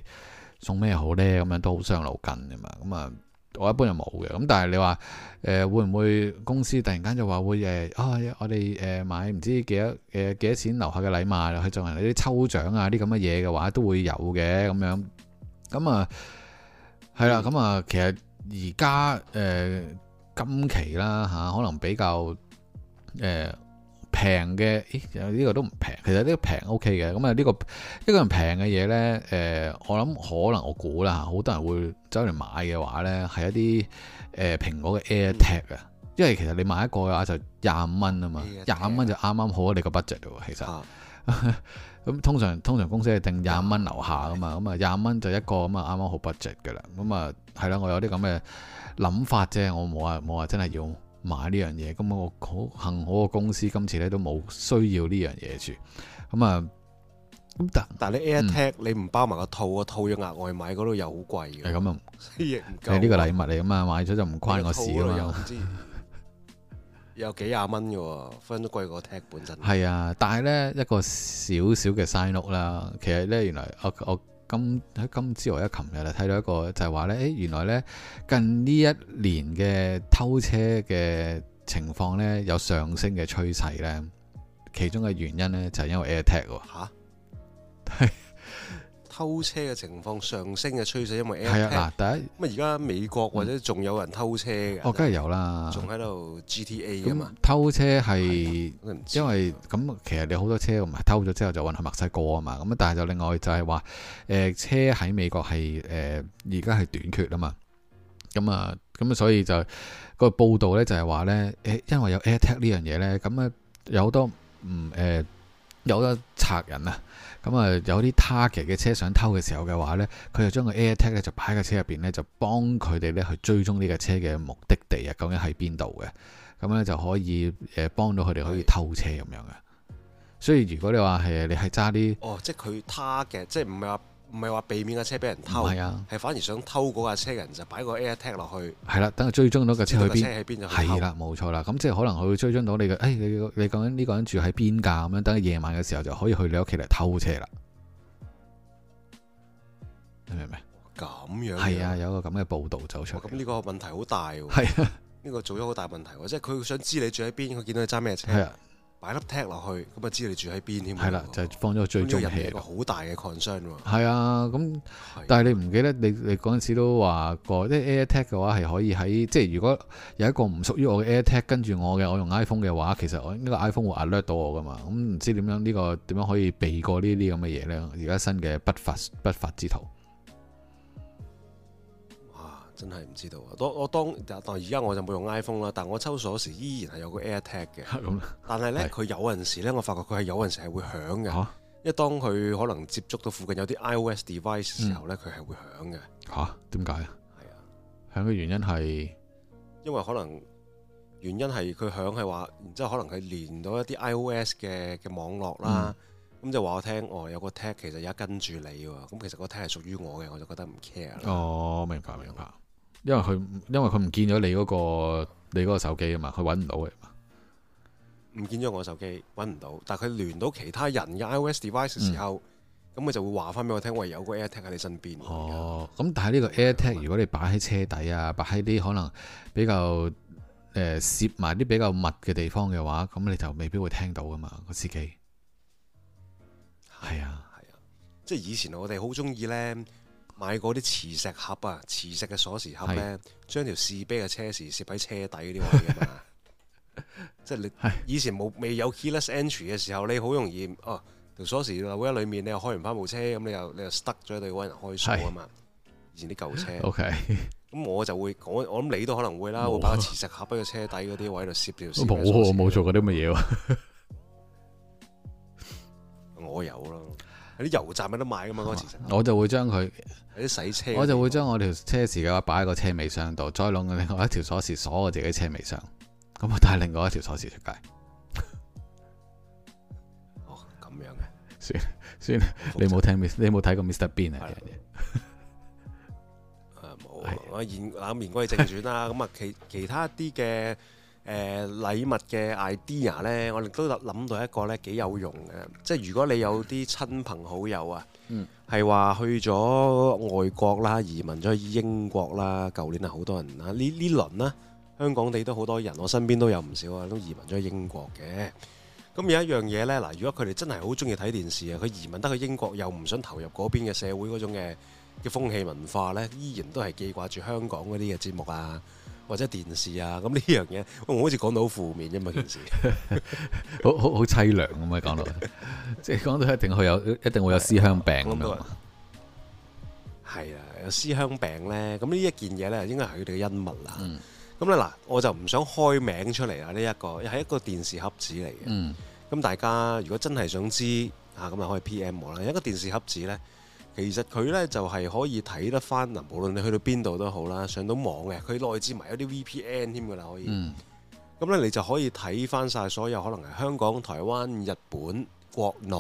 送咩好呢？咁樣都好傷腦筋嘅嘛。咁、嗯、啊～、嗯嗯我一般就冇嘅，咁但係你話誒、呃、會唔會公司突然間就話會誒啊，我哋誒買唔知幾多誒幾多錢留下嘅禮物啦，去做人哋啲抽獎啊啲咁嘅嘢嘅話，都會有嘅咁樣，咁啊係啦，咁啊、嗯嗯嗯、其實而家誒今期啦嚇，可能比較誒、呃平嘅，咦？呢、這個都唔平，其實呢個平 OK 嘅。咁、這、啊、個，呢、這個一個人平嘅嘢呢，誒、呃，我諗可能我估啦，好多人會走嚟買嘅話呢，係一啲誒、呃、蘋果嘅 AirTag 啊，因為其實你買一個嘅話就廿五蚊啊嘛，廿五蚊就啱啱好你個 budget 度，其實咁 Ha. 通常通常公司係定廿五蚊樓下噶嘛，咁啊廿五蚊就一個咁啊啱啱好 budget 嘅啦，咁啊係啦，我有啲咁嘅諗法啫，我冇啊冇啊真係要。買呢樣，嘢，咁我好幸好個公司今次咧都冇需要呢樣嘢住，咁、嗯、啊，咁但但你 AirTag 你唔包埋個套啊，嗯、套要額外買嗰度又好貴嘅，係咁啊，係呢 個禮物嚟啊嘛， 買咗就唔關我事啊嘛，有，有， 有幾廿蚊嘅，分都貴過 tag 本身，係啊，但係咧一個少少嘅嘥屋啦，up，其實咧原來我我。咁喺今朝我一琴日就睇到一個就係話咧，誒原來咧近呢一年嘅偷車嘅情況咧有上升嘅趨勢咧，其中嘅原因咧就係、是、因為 AirTag、啊。嚇？ 偷車嘅情況上升嘅趨勢，因為 a i r 係啊嗱，第一咁而家美國或者仲、嗯、有人偷車嘅，哦，梗係有啦，仲喺度 GTA 咁。偷車係因為咁、嗯，其實你好多車唔係偷咗之後就運去墨西哥啊嘛，咁但係就另外就係話，誒、呃，車喺美國係誒而家係短缺啊嘛，咁、嗯、啊，咁、嗯、啊，所以就、那個報道咧就係話咧，誒、欸，因為有 AirTag 呢樣嘢咧，咁啊有好多唔誒、呃、有好多賊人啊。咁啊、嗯，有啲 target 嘅車想偷嘅時候嘅話呢，佢就將個 air tag 咧就擺喺個車入邊呢，就幫佢哋呢去追蹤呢架車嘅目的地啊，究竟喺邊度嘅，咁呢就可以誒幫到佢哋可以偷車咁樣嘅。是所以如果你話係你係揸啲，哦，即係佢 target，即係唔係話。唔係話避免架車俾人偷，係、啊、反而想偷嗰架車人，人就擺個 AirTag 落去。係啦、啊，等佢追蹤到架車喺邊，架車喺邊係啦，冇錯啦。咁即係可能佢會追蹤到你嘅，誒、哎，你你講緊呢個人住喺邊架，咁樣等佢夜晚嘅時候就可以去你屋企嚟偷車啦。明唔明？咁樣係啊，啊，有一個咁嘅報道走出嚟，咁呢個問題好大。係啊，呢、啊、個做咗好大問題，即係佢想知你住喺邊，佢見到你揸咩車。擺粒 tag 落去，咁啊知你住喺邊添。係啦，就係、放咗最終嘅好大嘅 concern。係啊，咁的但係你唔記得你你嗰陣時都話過個啲 air tag 嘅話係可以喺即係如果有一個唔屬於我嘅 air tag 跟住我嘅，我用 iPhone 嘅話，其實我呢、呢個 iPhone 會 alert 到我噶嘛。咁唔知點樣呢、呢個點樣可以避過呢啲咁嘅嘢咧？而家新嘅不法不法之徒。真係唔知道啊！我我當但而家我就冇用 iPhone 啦，但我抽數嗰時依然係有個 AirTag 嘅。嗯、但係呢，佢是有陣時呢，我發覺佢係有陣時係會響嘅。啊、因為當佢可能接觸到附近有啲 iOS device 嘅時候呢，佢係、嗯、會響嘅。嚇？點解啊？係啊，響嘅原因係因為可能原因係佢響係話，然之後可能佢連到一啲 iOS 嘅嘅網絡啦。咁、嗯、就話我聽，我有個 tag，其實而家跟住你喎。咁其實個 tag 係屬於我嘅，我就覺得唔 care 啦。哦，明白，明白。因為佢因為佢唔見咗你嗰、嗰個你個手機啊嘛，佢揾唔到嘅。唔見咗我手機，揾唔到。但係佢聯到其他人嘅 iOS device 嘅時候，咁佢、嗯、就會話翻俾我聽，喂，有個 AirTag 喺你身邊。哦，咁但係呢個 AirTag，的如果你擺喺車底啊，擺喺啲可能比較誒攝埋啲比較密嘅地方嘅話，咁你就未必會聽到噶嘛，個司機。係啊係啊，即係以前我哋好中意咧。買嗰啲磁石盒啊，磁石嘅鎖匙盒咧，將條士啤嘅車匙攝喺車底嗰啲位啊嘛， 即係你以前冇是未有 keyless entry 嘅時候，你好容易哦條鎖匙留喺裏面，你又開唔翻部車，咁你又你又塞咗喺度搵人開鎖啊嘛。是以前啲舊車，OK，咁我就會，我我諗你都可能會啦， 會把個磁石盒喺個車底嗰啲位度攝條匙冇， 我冇做過啲乜嘢喎。我有咯。喺啲油站有得買噶嘛？嗰時、啊、我就會將佢喺啲洗車、啊，我就會將我條車匙嘅話擺喺個車尾箱度，再攞另外一條鎖匙鎖我自己車尾箱，咁我帶另外一條鎖匙出街。哦，咁樣嘅、啊，算啦算啦，你冇聽 miss，你冇睇過 Mister Bean 啊？係 啊，冇，的我言，言歸正傳啦、啊，咁啊 其其他啲嘅。誒、呃、禮物嘅 idea 呢，我哋都諗到一個呢幾有用嘅，即係如果你有啲親朋好友啊，係話、嗯、去咗外國啦，移民咗去英國啦，舊年係好多人啊，呢呢輪呢，香港地都好多人，我身邊都有唔少啊，都移民咗去英國嘅。咁有一樣嘢呢，嗱，如果佢哋真係好中意睇電視啊，佢移民得去英國又唔想投入嗰邊嘅社會嗰種嘅嘅風氣文化呢，依然都係記掛住香港嗰啲嘅節目啊。或者電視啊，咁呢樣嘢，我好似講到好負面啫嘛，件事， 好好凄淒涼咁啊，講到，即係講到一定會有，一定會有思鄉病咁啊，係啊，有思鄉病咧，咁呢一件嘢咧，應該係佢哋嘅恩物啦。咁咧嗱，我就唔想開名出嚟啦，呢、這、一個係一個電視盒子嚟嘅。咁、嗯、大家如果真係想知啊，咁啊可以 PM 我啦。一個電視盒子咧。其實佢呢就係、是、可以睇得翻，無論你去到邊度都好啦，上到網嘅，佢內置埋有啲 VPN 添㗎啦，可以。嗯。咁呢你就可以睇翻晒所有可能係香港、台灣、日本國內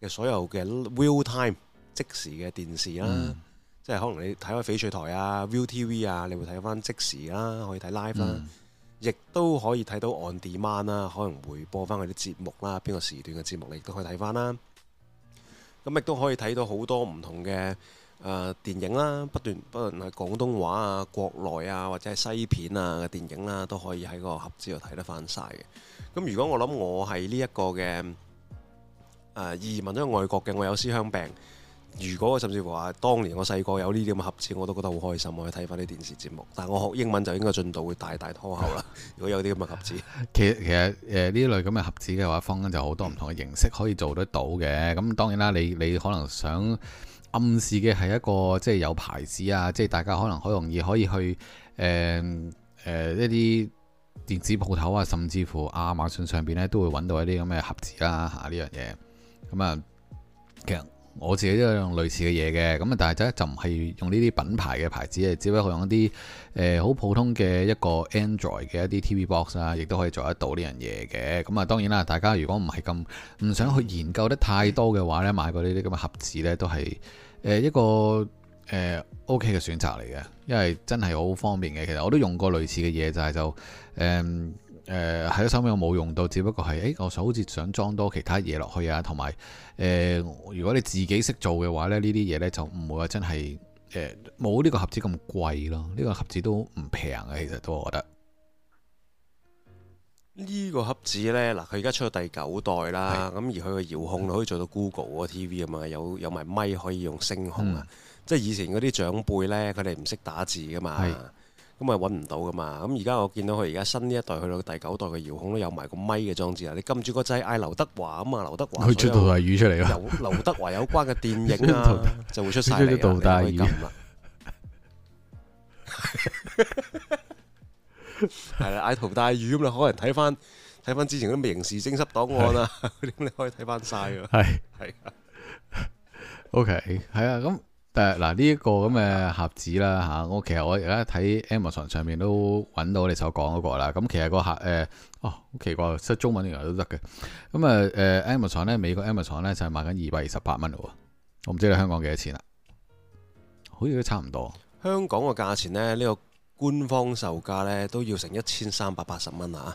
嘅所有嘅 real time 即時嘅電視啦，嗯、即係可能你睇開翡翠台啊、ViuTV 啊，你會睇翻即時啦，可以睇 live 啦、啊，亦都、嗯、可以睇到 on demand 啦、啊，可能會播翻佢啲節目啦、啊，邊個時段嘅節目你亦都可以睇翻啦。咁亦都可以睇到好多唔同嘅誒、呃、電影啦，不斷不斷係廣東話啊、國內啊或者係西片啊嘅電影啦、啊，都可以喺個盒子度睇得翻晒。嘅。咁如果我諗我係呢一個嘅誒、呃、移民咗去外國嘅，我有思鄉病。如果甚至乎話，當年我細個有呢啲咁嘅盒子，我都覺得好開心，我去睇返啲電視節目。但係我學英文就應該進度會大大拖後啦。 如果有啲咁嘅盒子， 其實其實誒呢、呃、類咁嘅盒子嘅話，坊間就好多唔同嘅形式可以做得到嘅。咁當然啦，你你可能想暗示嘅係一個即係有牌子啊，即係大家可能好容易可以去誒誒一啲電子鋪頭啊，甚至乎亞馬遜上邊咧都會揾到一啲咁嘅盒子啦嚇，呢樣嘢。咁啊，其實我自己都有用類似嘅嘢嘅，咁啊，但係就唔係用呢啲品牌嘅牌子啊，只不過用一啲誒好普通嘅一個 Android 嘅一啲 TV Box 啊，亦都可以做得到呢樣嘢嘅。咁、嗯、啊，當然啦，大家如果唔係咁唔想去研究得太多嘅話呢，買過呢啲咁嘅盒子呢，都係誒一個誒、呃、OK 嘅選擇嚟嘅，因為真係好方便嘅。其實我都用過類似嘅嘢，就係、是、就誒。呃誒喺手尾我冇用到，只不過係誒，我好想好似想裝多其他嘢落去啊，同埋誒，如果你自己識做嘅話咧，呢啲嘢咧就唔會話真係誒冇呢個盒子咁貴咯。呢、呢個盒子都唔平啊，其實都我覺得。呢個盒子咧，嗱佢而家出到第九代啦，咁是而佢嘅遙控可以做到 Google TV 啊嘛，有有埋咪可以用聲控啊，嗯、即係以前嗰啲長輩咧，佢哋唔識打字噶嘛。咁咪揾唔到噶嘛？咁而家我見到佢而家新呢一代去到第九代嘅遙控都有埋個咪嘅裝置啊！你撳住個掣嗌劉德華啊嘛，劉德華去出套大魚出嚟咯，劉劉德華有關嘅電影啊，就會出晒嘅，套大魚啦。係啦，嗌陶大宇咁啦，可能睇翻睇翻之前嗰啲刑事偵緝檔案啊，咁你可以睇翻晒噶。係係啊，OK，係啊，咁。誒嗱呢一個咁嘅盒子啦嚇、啊，我其實我而家睇 Amazon 上面都揾到你所講嗰個啦。咁、啊、其實個盒誒，哦、呃、好、啊、奇怪，即中文原來都得嘅。咁誒誒，Amazon 咧，美國 Amazon 咧就係、是、賣緊二百二十八蚊喎。我唔知你香港幾多錢啦，好似都差唔多。香港嘅價錢咧，呢、這個官方售價咧都要成一千三百八十蚊啊！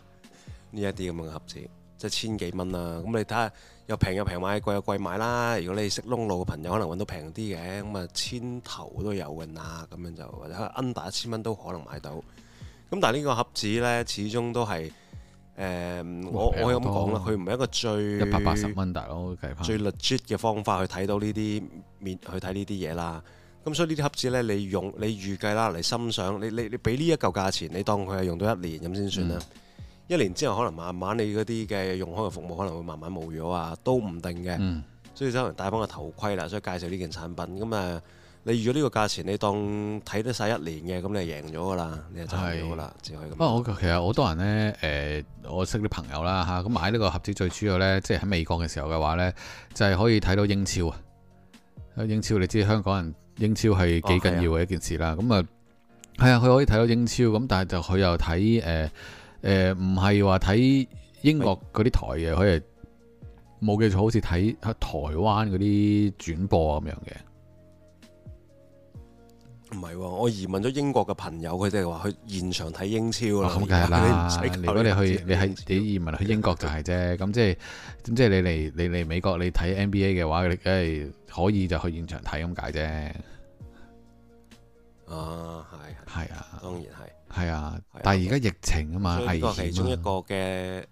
呢一啲咁嘅盒子。即係千幾蚊啦，咁你睇下又平又平買，貴又，貴又貴買啦。如果你識窿路嘅朋友，可能揾到平啲嘅，咁啊千頭都有嘅嗱，咁樣就或者 under 一千蚊都可能買到。咁但係呢個盒子呢，始終都係誒、呃，我哇我有咁講啦，佢唔係一個最一百八十蚊大佬計最 legit 嘅方法去睇到呢啲面去睇呢啲嘢啦。咁所以呢啲盒子呢，你用你預計啦你心想，你你你俾呢一嚿價錢，你當佢係用到一年咁先算啦。嗯一年之後，可能慢慢你嗰啲嘅用開嘅服務可能會慢慢冇咗啊，都唔定嘅。嗯、所以就可能戴翻個頭盔啦，所以介紹呢件產品咁啊、嗯。你預咗呢個價錢，你當睇得晒一年嘅，咁你係贏咗噶啦，你係賺到啦，只可以咁。不過是其實好多人呢，誒、呃，我識啲朋友啦嚇，咁、啊、買呢個盒子最主要呢，即係喺美國嘅時候嘅話呢，就係、是、可以睇到英超啊。英超你知香港人英超係幾緊要嘅一件事啦。咁、哦、啊，係啊，佢可以睇到英超咁，但係就佢又睇誒。呃誒，唔係話睇英國嗰啲台嘅，佢係冇記錯，好似睇喺台灣嗰啲轉播咁樣嘅，唔係、啊。我移民咗英國嘅朋友，佢哋係話去現場睇英超啦。咁梗係啦，你你如果你去你睇去超你移民去英國就係啫。咁、嗯、即係咁即係你嚟，你嚟美國你睇 NBA 嘅話，你梗係可以就去現場睇咁解啫。啊，係係啊，的當然係。係啊，但係而家疫情啊嘛，係一個其中一個嘅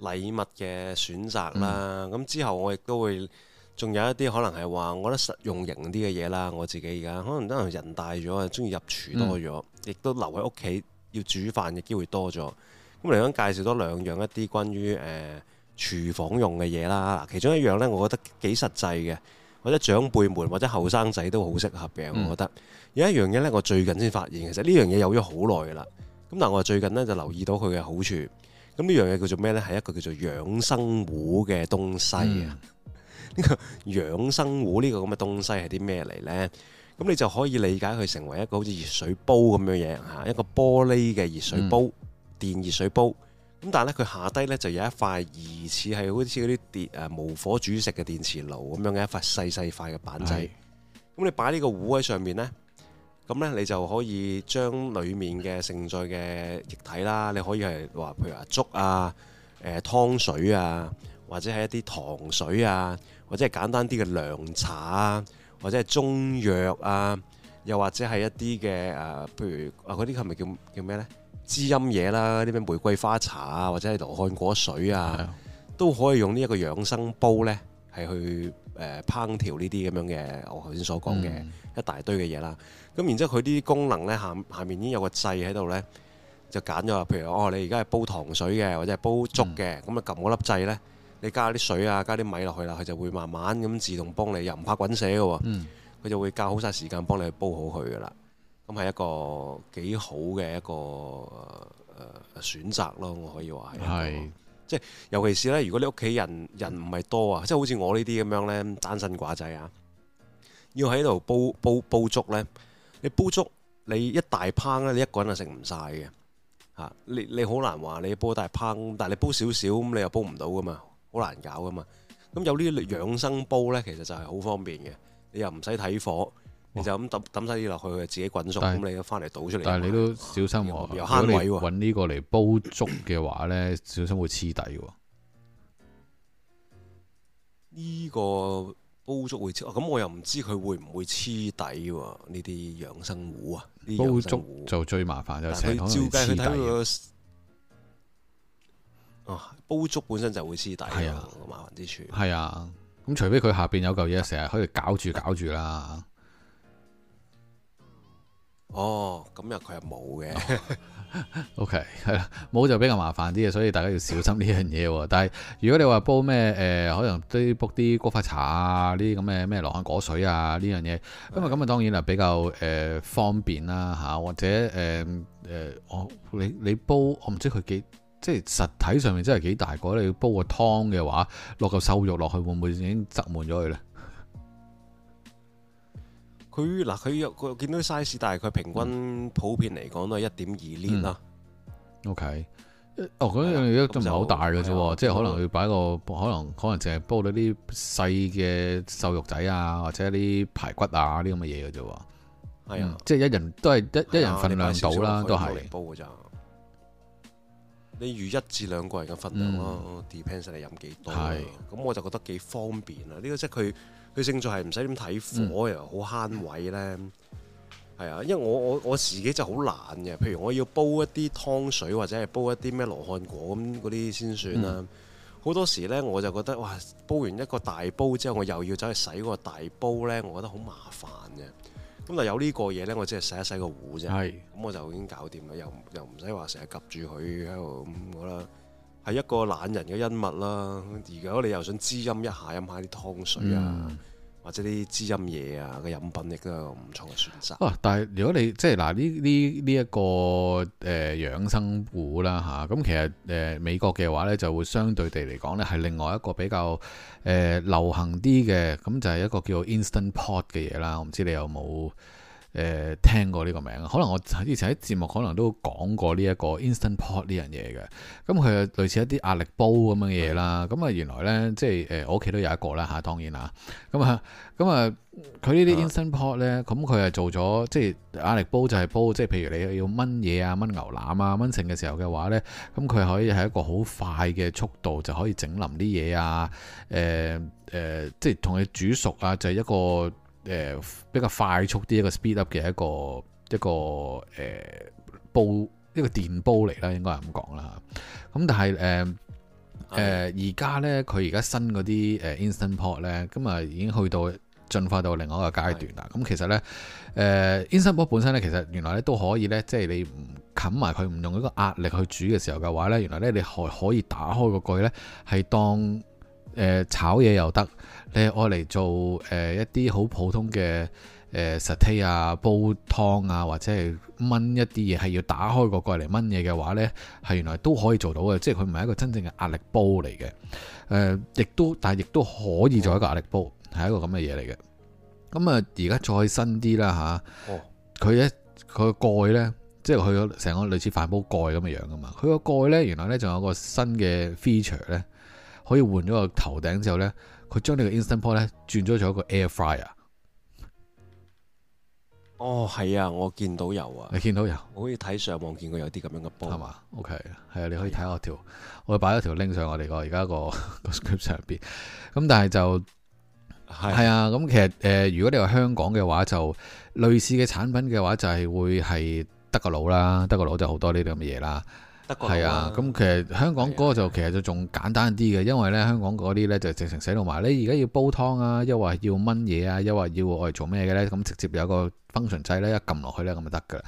禮物嘅選擇啦。咁、嗯、之後我亦都會，仲有一啲可能係話，我覺得實用型啲嘅嘢啦。我自己而家可能都係人大咗，中意入廚多咗，亦、嗯、都留喺屋企要煮飯嘅機會多咗。咁嚟緊介紹多兩樣一啲關於誒廚房用嘅嘢啦。其中一樣呢，我覺得幾實際嘅，或者長輩們或者後生仔都好適合嘅，嗯、我覺得。有一樣嘢咧，我最近先發現，其實呢樣嘢有咗好耐噶啦。咁但係我最近咧就留意到佢嘅好處。咁呢樣嘢叫做咩呢？係一個叫做養生壺嘅東西啊！呢、嗯、 個養生壺呢個咁嘅東西係啲咩嚟呢？咁你就可以理解佢成為一個好似熱水煲咁樣嘢嚇，一個玻璃嘅熱水煲，嗯、電熱水煲。咁但係咧，佢下低呢，就有一塊疑似係好似嗰啲電誒無火煮食嘅電磁爐咁樣嘅一塊細細塊嘅板仔。咁、嗯、你擺呢個壺喺上面呢。咁咧，你就可以將裡面嘅盛載嘅液體啦，你可以係話，譬如話粥啊、誒、呃、湯水啊，或者係一啲糖水啊，或者係簡單啲嘅涼茶啊，或者係中藥啊，又或者係一啲嘅誒，譬如啊，嗰啲係咪叫叫咩呢？滋陰嘢啦，啲咩玫瑰花茶啊，或者係羅漢果水啊，的都可以用呢一個養生煲呢，係去誒烹、呃、調呢啲咁樣嘅我頭先所講嘅一大堆嘅嘢啦。嗯。咁然之後，佢啲功能咧下下邊已經有個掣喺度呢就揀咗啦。譬如哦，你而家係煲糖水嘅，或者係煲粥嘅，咁啊撳嗰粒掣呢，你加啲水啊，加啲米落去啦，佢就會慢慢咁自動幫你，又唔怕滾死嘅喎。佢、嗯、就會計好晒時間幫你煲好佢噶啦。咁係一個幾好嘅一個誒、呃、選擇咯，我可以話係。即係是、嗯、尤其是呢，如果你屋企人人唔係多啊，嗯、即係好似我呢啲咁樣呢，單身寡仔啊，要喺度煲煲煲，煲，煲粥呢。你煲粥，你一大烹咧，你一個人啊食唔晒嘅，嚇你你好難話你煲大烹，但係你煲少少咁，你又煲唔到噶嘛，好難搞噶嘛。咁有呢啲養生煲咧，其實就係好方便嘅，你又唔使睇火，你就咁抌抌曬啲落去，佢自己滾熟，咁但你翻嚟倒出嚟。但係你都小心喎，哇如果你揾呢個嚟煲粥嘅話咧， 小心會黐底喎。呢、呢個。煲粥會黐，咁、啊、我又唔知佢會唔會黐底喎？呢啲養生壺啊，呢啲養生壺就最麻煩，啊，就請照鏡去睇佢個。哦，煲粥本身就會黐底，係啊，啊麻煩之處。係啊，咁除非佢下邊有嚿嘢，成日可以搞住搞住啦。哦，咁又佢又冇嘅。 O K，係啦，冇、okay, 就比較麻煩啲嘅，所以大家要小心呢樣嘢喎。但係如果你話煲咩誒、呃，可能都要煲啲菊花茶啊，呢啲咁嘅咩羅漢果水啊呢樣嘢，因為咁啊，當然啊比較誒方便啦吓，或者誒誒、呃呃，我你你煲，我唔知佢幾即係實體上面真係幾大個，你要煲個湯嘅話，落嚿瘦肉落去，會唔會已經塞滿咗佢咧？佢嗱，佢有個見到 size 大，佢平均普遍嚟講都係一點二 lift 啦。嗯、o、okay, K，哦，咁嘢都唔係好大嘅啫，啊、即係可能佢擺個可能可能淨係煲到啲細嘅瘦肉仔啊，或者啲排骨啊啲咁嘅嘢嘅啫。係啊，嗯、即係一人都係一、啊、一人份量到啦，都係煲嘅咋。你預一至兩個人嘅份量咯、嗯、，depends 你飲幾多、啊。係，咁我就覺得幾方便啊。呢個即係佢。佢勝在係唔使點睇火、嗯、又好慳位呢？係啊，因為我我我自己就好懶嘅。譬如我要煲一啲湯水或者係煲一啲咩羅漢果咁嗰啲先算啦。好、嗯、多時呢，我就覺得哇，煲完一個大煲之後，我又要走去洗個大煲呢，我覺得好麻煩嘅。咁但有呢個嘢呢，我只係洗一洗個壺啫，咁是我就已經搞掂啦，又又唔使話成日急住佢喺度啦。係一個懶人嘅恩物啦，如果你又想滋陰一下，飲下啲湯水啊，嗯、或者啲滋陰嘢啊嘅飲品亦都係唔錯嘅選擇。哇、嗯啊！但係如果你即係嗱呢呢呢一個誒養、呃、生壺啦嚇，咁、啊、其實誒、呃、美國嘅話呢，就會相對地嚟講呢，係另外一個比較誒、呃、流行啲嘅，咁就係一個叫 Instant Pot 嘅嘢啦。我唔知你有冇。誒、呃、聽過呢個名可能我以前喺節目可能都講過呢一個 Instant Pot 呢樣嘢嘅。咁佢係類似一啲壓力煲咁嘅嘢啦。咁、嗯、啊、嗯嗯、原來呢，即係誒我屋企都有一個啦嚇、啊，當然啦。咁、嗯、啊，咁、嗯、啊，佢呢啲 Instant Pot 呢，咁佢係做咗即係壓力煲就係煲，即、就、係、是、譬如你要燜嘢啊、燜牛腩啊、燜剩嘅時候嘅話呢，咁、嗯、佢可以係一個好快嘅速度就可以整腍啲嘢啊。誒、呃、誒，即係同佢煮熟啊，就係、是、一個。誒、呃、比較快速啲一,一個 speed up 嘅一個一個誒、呃、煲一個電煲嚟啦，應該係咁講啦。咁但係誒誒而家咧，佢而家新嗰啲誒 instant pot 咧，咁啊已經去到進化到另外一個階段啦。咁的、嗯、其實咧，誒、呃、instant pot 本身咧，其實原來咧都可以咧，即、就、係、是、你唔冚埋佢唔用一個壓力去煮嘅時候嘅話咧，原來咧你可可以打開個蓋咧，係當誒、呃、炒嘢又得。你愛嚟做誒、呃、一啲好普通嘅誒實體啊，煲湯啊，或者係燜一啲嘢，係要打開個蓋嚟燜嘢嘅話咧，係原來都可以做到嘅，即係佢唔係一個真正嘅壓力煲嚟嘅。誒、呃，亦都但係亦都可以做一個壓力煲，係一個咁嘅嘢嚟嘅。咁、嗯、啊，而家再新啲啦吓？哦，佢咧佢個蓋咧，即係佢成個類似飯煲蓋咁嘅樣噶嘛。佢個蓋咧原來咧仲有個新嘅 feature 咧，可以換咗個頭頂之後咧。佢將你個 instant pot 咧轉咗做一個 air fryer。哦，係啊，我見到有啊，你見到有，我可以睇上網見過有啲咁樣嘅波。係嘛？OK，係啊，你可以睇我條，啊、我會擺咗條拎上我哋個而家個,個 script 上邊。咁、嗯、但係就係係啊，咁、啊、其實誒、呃，如果你話香港嘅話，就類似嘅產品嘅話，就係會係德國佬啦，德國佬就好多呢啲咁嘅嘢啦。係啊，咁、嗯、其實香港歌就其實就仲簡單啲嘅，因為咧香港嗰啲咧就直情寫到埋，你而家要煲湯啊，又話要燜嘢啊，又話要我哋做咩嘅咧，咁、嗯、直接有個 function 掣咧一撳落去咧咁就得噶喇。咁、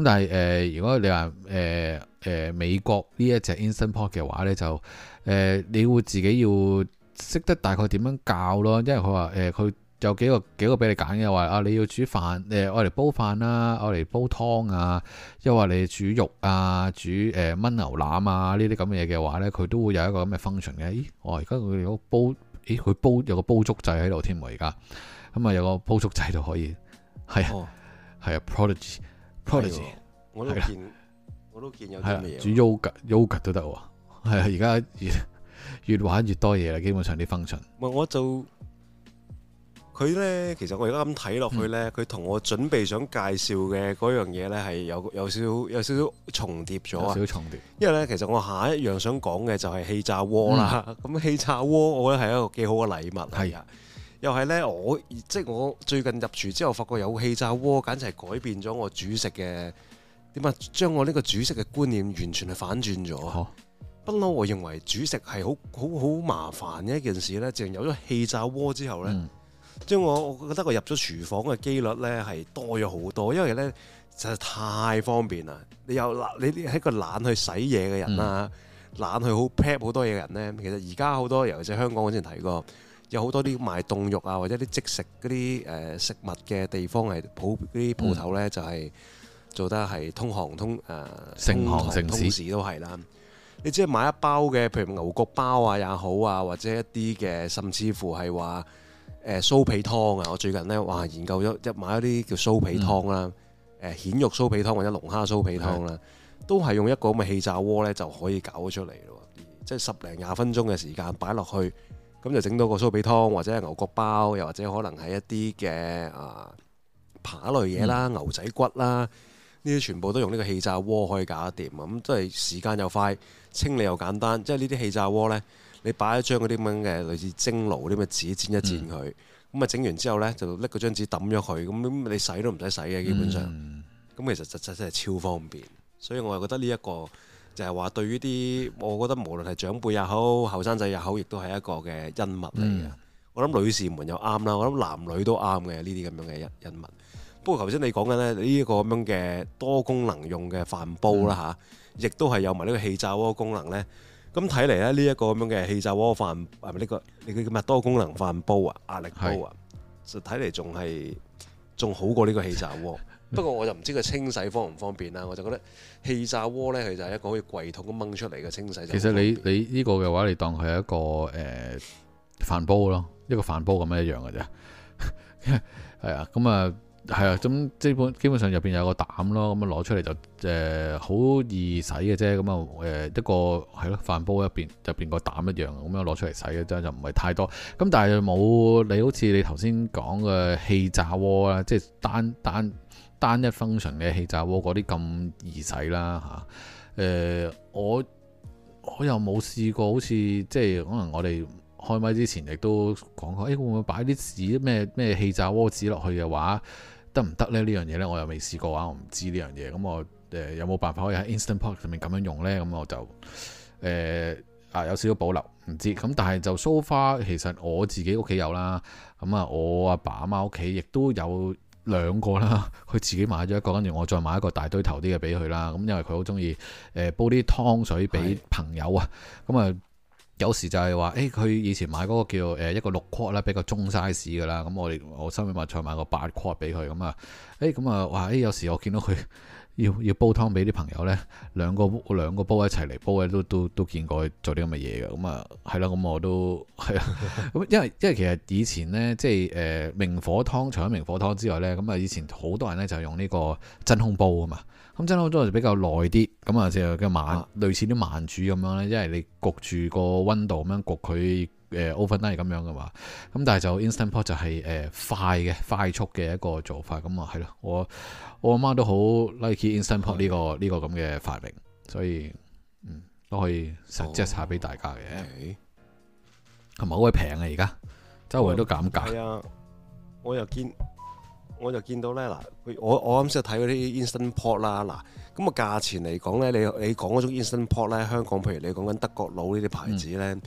嗯、但係誒、呃，如果你話誒誒美國呢一隻 instant pot 嘅話咧，就誒、呃、你會自己要識得大概點樣教咯，因為佢話誒佢。呃有幾個幾個俾你揀嘅，話啊你要煮飯，誒我嚟煲飯啦，我嚟煲湯啊，又話你煮肉啊，煮誒燜、呃、牛腩啊呢啲咁嘅嘢嘅話咧，佢都會有一個咁嘅 function 嘅。咦，我而家佢有煲，咦佢煲有個煲粥制喺度添喎，而家咁啊有個煲粥制就可以，係、哎嗯、啊係啊，Prodigy，Prodigy，我都見人我都見有啲嘢、啊，吧煮 yogurt yogurt 都得喎，係啊而家越玩越多嘢啦，基本上啲 function。唔，我就。主持人佢呢，其實我而家咁睇落去呢，佢同、嗯、我準備想介紹嘅嗰樣嘢呢，係有有少少有少少重疊咗，因為呢，其實我下一樣想講嘅就係氣炸鍋啦。咁氣炸鍋，嗯、炸鍋我覺得係一個幾好嘅禮物。係啊是，又係呢，我即係我最近入廚之後，發覺有氣炸鍋，簡直係改變咗我煮食嘅點啊！將我呢個煮食嘅觀念完全係反轉咗。不嬲、哦，我認為煮食係好好好麻煩嘅一件事呢，就係有咗氣炸鍋之後呢。嗯即係我，我覺得我入咗廚房嘅機率呢係多咗好多，因為呢實在太方便啦！你有懶，你係個懶去洗嘢嘅人啊，嗯、懶去好 pack 好多嘢嘅人呢。其實而家好多，尤其係香港我之前提過，有好多啲賣凍肉啊，或者啲即食嗰啲誒食物嘅地方係鋪啲鋪頭呢，嗯、就係做得係通行通誒，成行成市都係啦。你只係買一包嘅，譬如牛角包啊也好啊，或者一啲嘅，甚至乎係話。誒酥皮湯啊！我最近呢話研究咗，即買一啲叫酥皮湯啦，誒蜆、嗯、肉酥皮湯或者龍蝦酥皮湯啦，嗯、都係用一個咁嘅氣炸鍋呢就可以搞出嚟咯。即、就是、十零廿分鐘嘅時間擺落去，咁就整到個酥皮湯或者牛角包，又或者可能係一啲嘅啊扒類嘢啦、牛仔骨啦，呢啲、嗯、全部都用呢個氣炸鍋可以搞得掂。咁即係時間又快，清理又簡單。即呢啲氣炸鍋呢。你擺一張嗰啲咁嘅類似蒸爐啲咁嘅紙，剪一剪佢，咁啊整完之後呢，就拎個張紙揼咗佢，咁你洗都唔使洗嘅，基本上，咁、嗯、其實真真真係超方便，所以我又覺得呢一個就係話對於啲，我覺得無論係長輩也好，後生仔也好，亦都係一個嘅恩物嚟嘅。嗯、我諗女士們又啱啦，我諗男女都啱嘅呢啲咁樣嘅恩物。不過頭先你講緊呢，呢一個咁樣嘅多功能用嘅飯煲啦嚇，亦都係有埋呢個氣炸鍋功能呢。咁睇嚟咧，呢一個咁樣嘅氣炸鍋飯，係咪呢個？呢個叫咩多功能飯煲啊，壓力煲啊，就睇嚟仲係仲好過呢個氣炸鍋。 不過我就唔知佢清洗方唔方便啦。我就覺得氣炸鍋咧，佢就係一個好似櫃桶咁掹出嚟嘅清洗。其實你你呢個嘅話，你，話你當佢係一個誒、呃、飯煲咯，一個飯煲咁樣一樣嘅啫。係 啊，咁啊。係啊，咁基本基本上入邊有個膽咯，咁啊攞出嚟就誒好、呃、易洗嘅啫，咁啊誒一個係咯飯煲入邊入邊個膽一樣，咁樣攞出嚟洗嘅啫，就唔係太多。咁但係冇你好似你頭先講嘅氣炸鍋啊，即係單單單一 function 嘅氣炸鍋嗰啲咁易洗啦嚇。誒、啊呃、我我又冇試過，好似即係可能我哋開咪之前亦都講過，誒、欸、會唔會擺啲紙咩咩氣炸鍋紙落去嘅話？得唔得咧？行行呢樣嘢咧，我又未試過啊！我唔知呢樣嘢，咁我誒有冇辦法可以喺 Instant Pot 上面咁樣用咧？咁、嗯、我就誒啊、呃、有少少保留，唔知咁、嗯。但係就 so far，其實我自己屋企有啦，咁、嗯、啊，我阿爸阿媽屋企亦都有兩個啦。佢自己買咗一個，跟住我再買一個大堆頭啲嘅俾佢啦。咁、嗯、因為佢好中意誒煲啲湯水俾朋友啊，咁啊是。嗯嗯有時就係話，誒、欸、佢以前買嗰個叫誒、呃、一個六鈉啦，比較中 size 嘅啦，咁我哋我收尾話再買個八鈉俾佢，咁、嗯、啊，誒咁啊，哇！誒、欸、有時我見到佢要要煲湯俾啲朋友咧，兩個兩個煲一齊嚟煲咧，都都都見過佢做啲咁嘅嘢嘅，咁啊係啦，咁我都係啊，咁、啊、因為因為其實以前咧，即係誒、呃、明火湯除咗明火湯之外咧，咁、嗯、啊以前好多人咧就用呢個真空煲啊嘛。咁、嗯、真係好多就比較耐啲，咁啊就嘅慢，類似啲慢煮咁樣咧，因為你焗住個溫度咁樣焗佢，誒 oven 都係咁樣噶嘛。咁但係就 instant pot 就係、是、誒、呃、快嘅，快速嘅一個做法。咁啊係咯，我我阿媽都好 like instant pot 呢、這個呢、這個咁嘅發明，所以嗯都可以 suggest 下俾大家嘅。同埋好鬼平啊！而家周圍都減價。係啊，我又見。我就見到呢，嗱，我我啱先睇嗰啲 Instant Pot 啦，嗱，咁啊價錢嚟講呢，你你講嗰種 Instant Pot 呢，香港譬如你講緊德國佬呢啲牌子呢，嗯、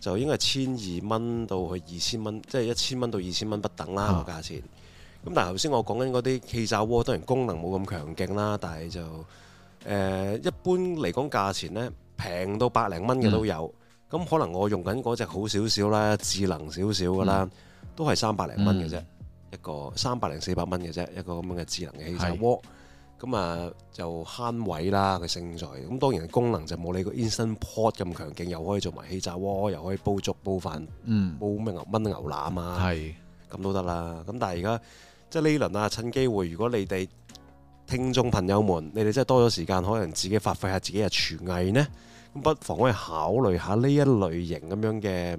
就應該係千二蚊到去二千蚊，即係一千蚊到二千蚊不等啦、嗯、個價錢。咁但係頭先我講緊嗰啲氣炸鍋，當然功能冇咁強勁啦，但係就誒、呃、一般嚟講價錢呢平到百零蚊嘅都有。咁、嗯、可能我用緊嗰隻好少少啦，智能少少噶啦，嗯、都係三百零蚊嘅啫。一個三百零四百蚊嘅啫，一個咁樣嘅智能嘅氣炸鍋，咁是啊就慳位啦，佢勝在，咁當然功能就冇你個 Instant Pot 咁強勁，又可以做埋氣炸鍋，又可以煲粥煲飯，煲咩、嗯、牛炆牛腩啊，係是，咁都得啦。咁但係而家即係呢輪啊，趁機會，如果你哋聽眾朋友們，你哋真係多咗時間，可能自己發揮下自己嘅廚藝呢，咁不妨可以考慮下呢一類型咁樣嘅。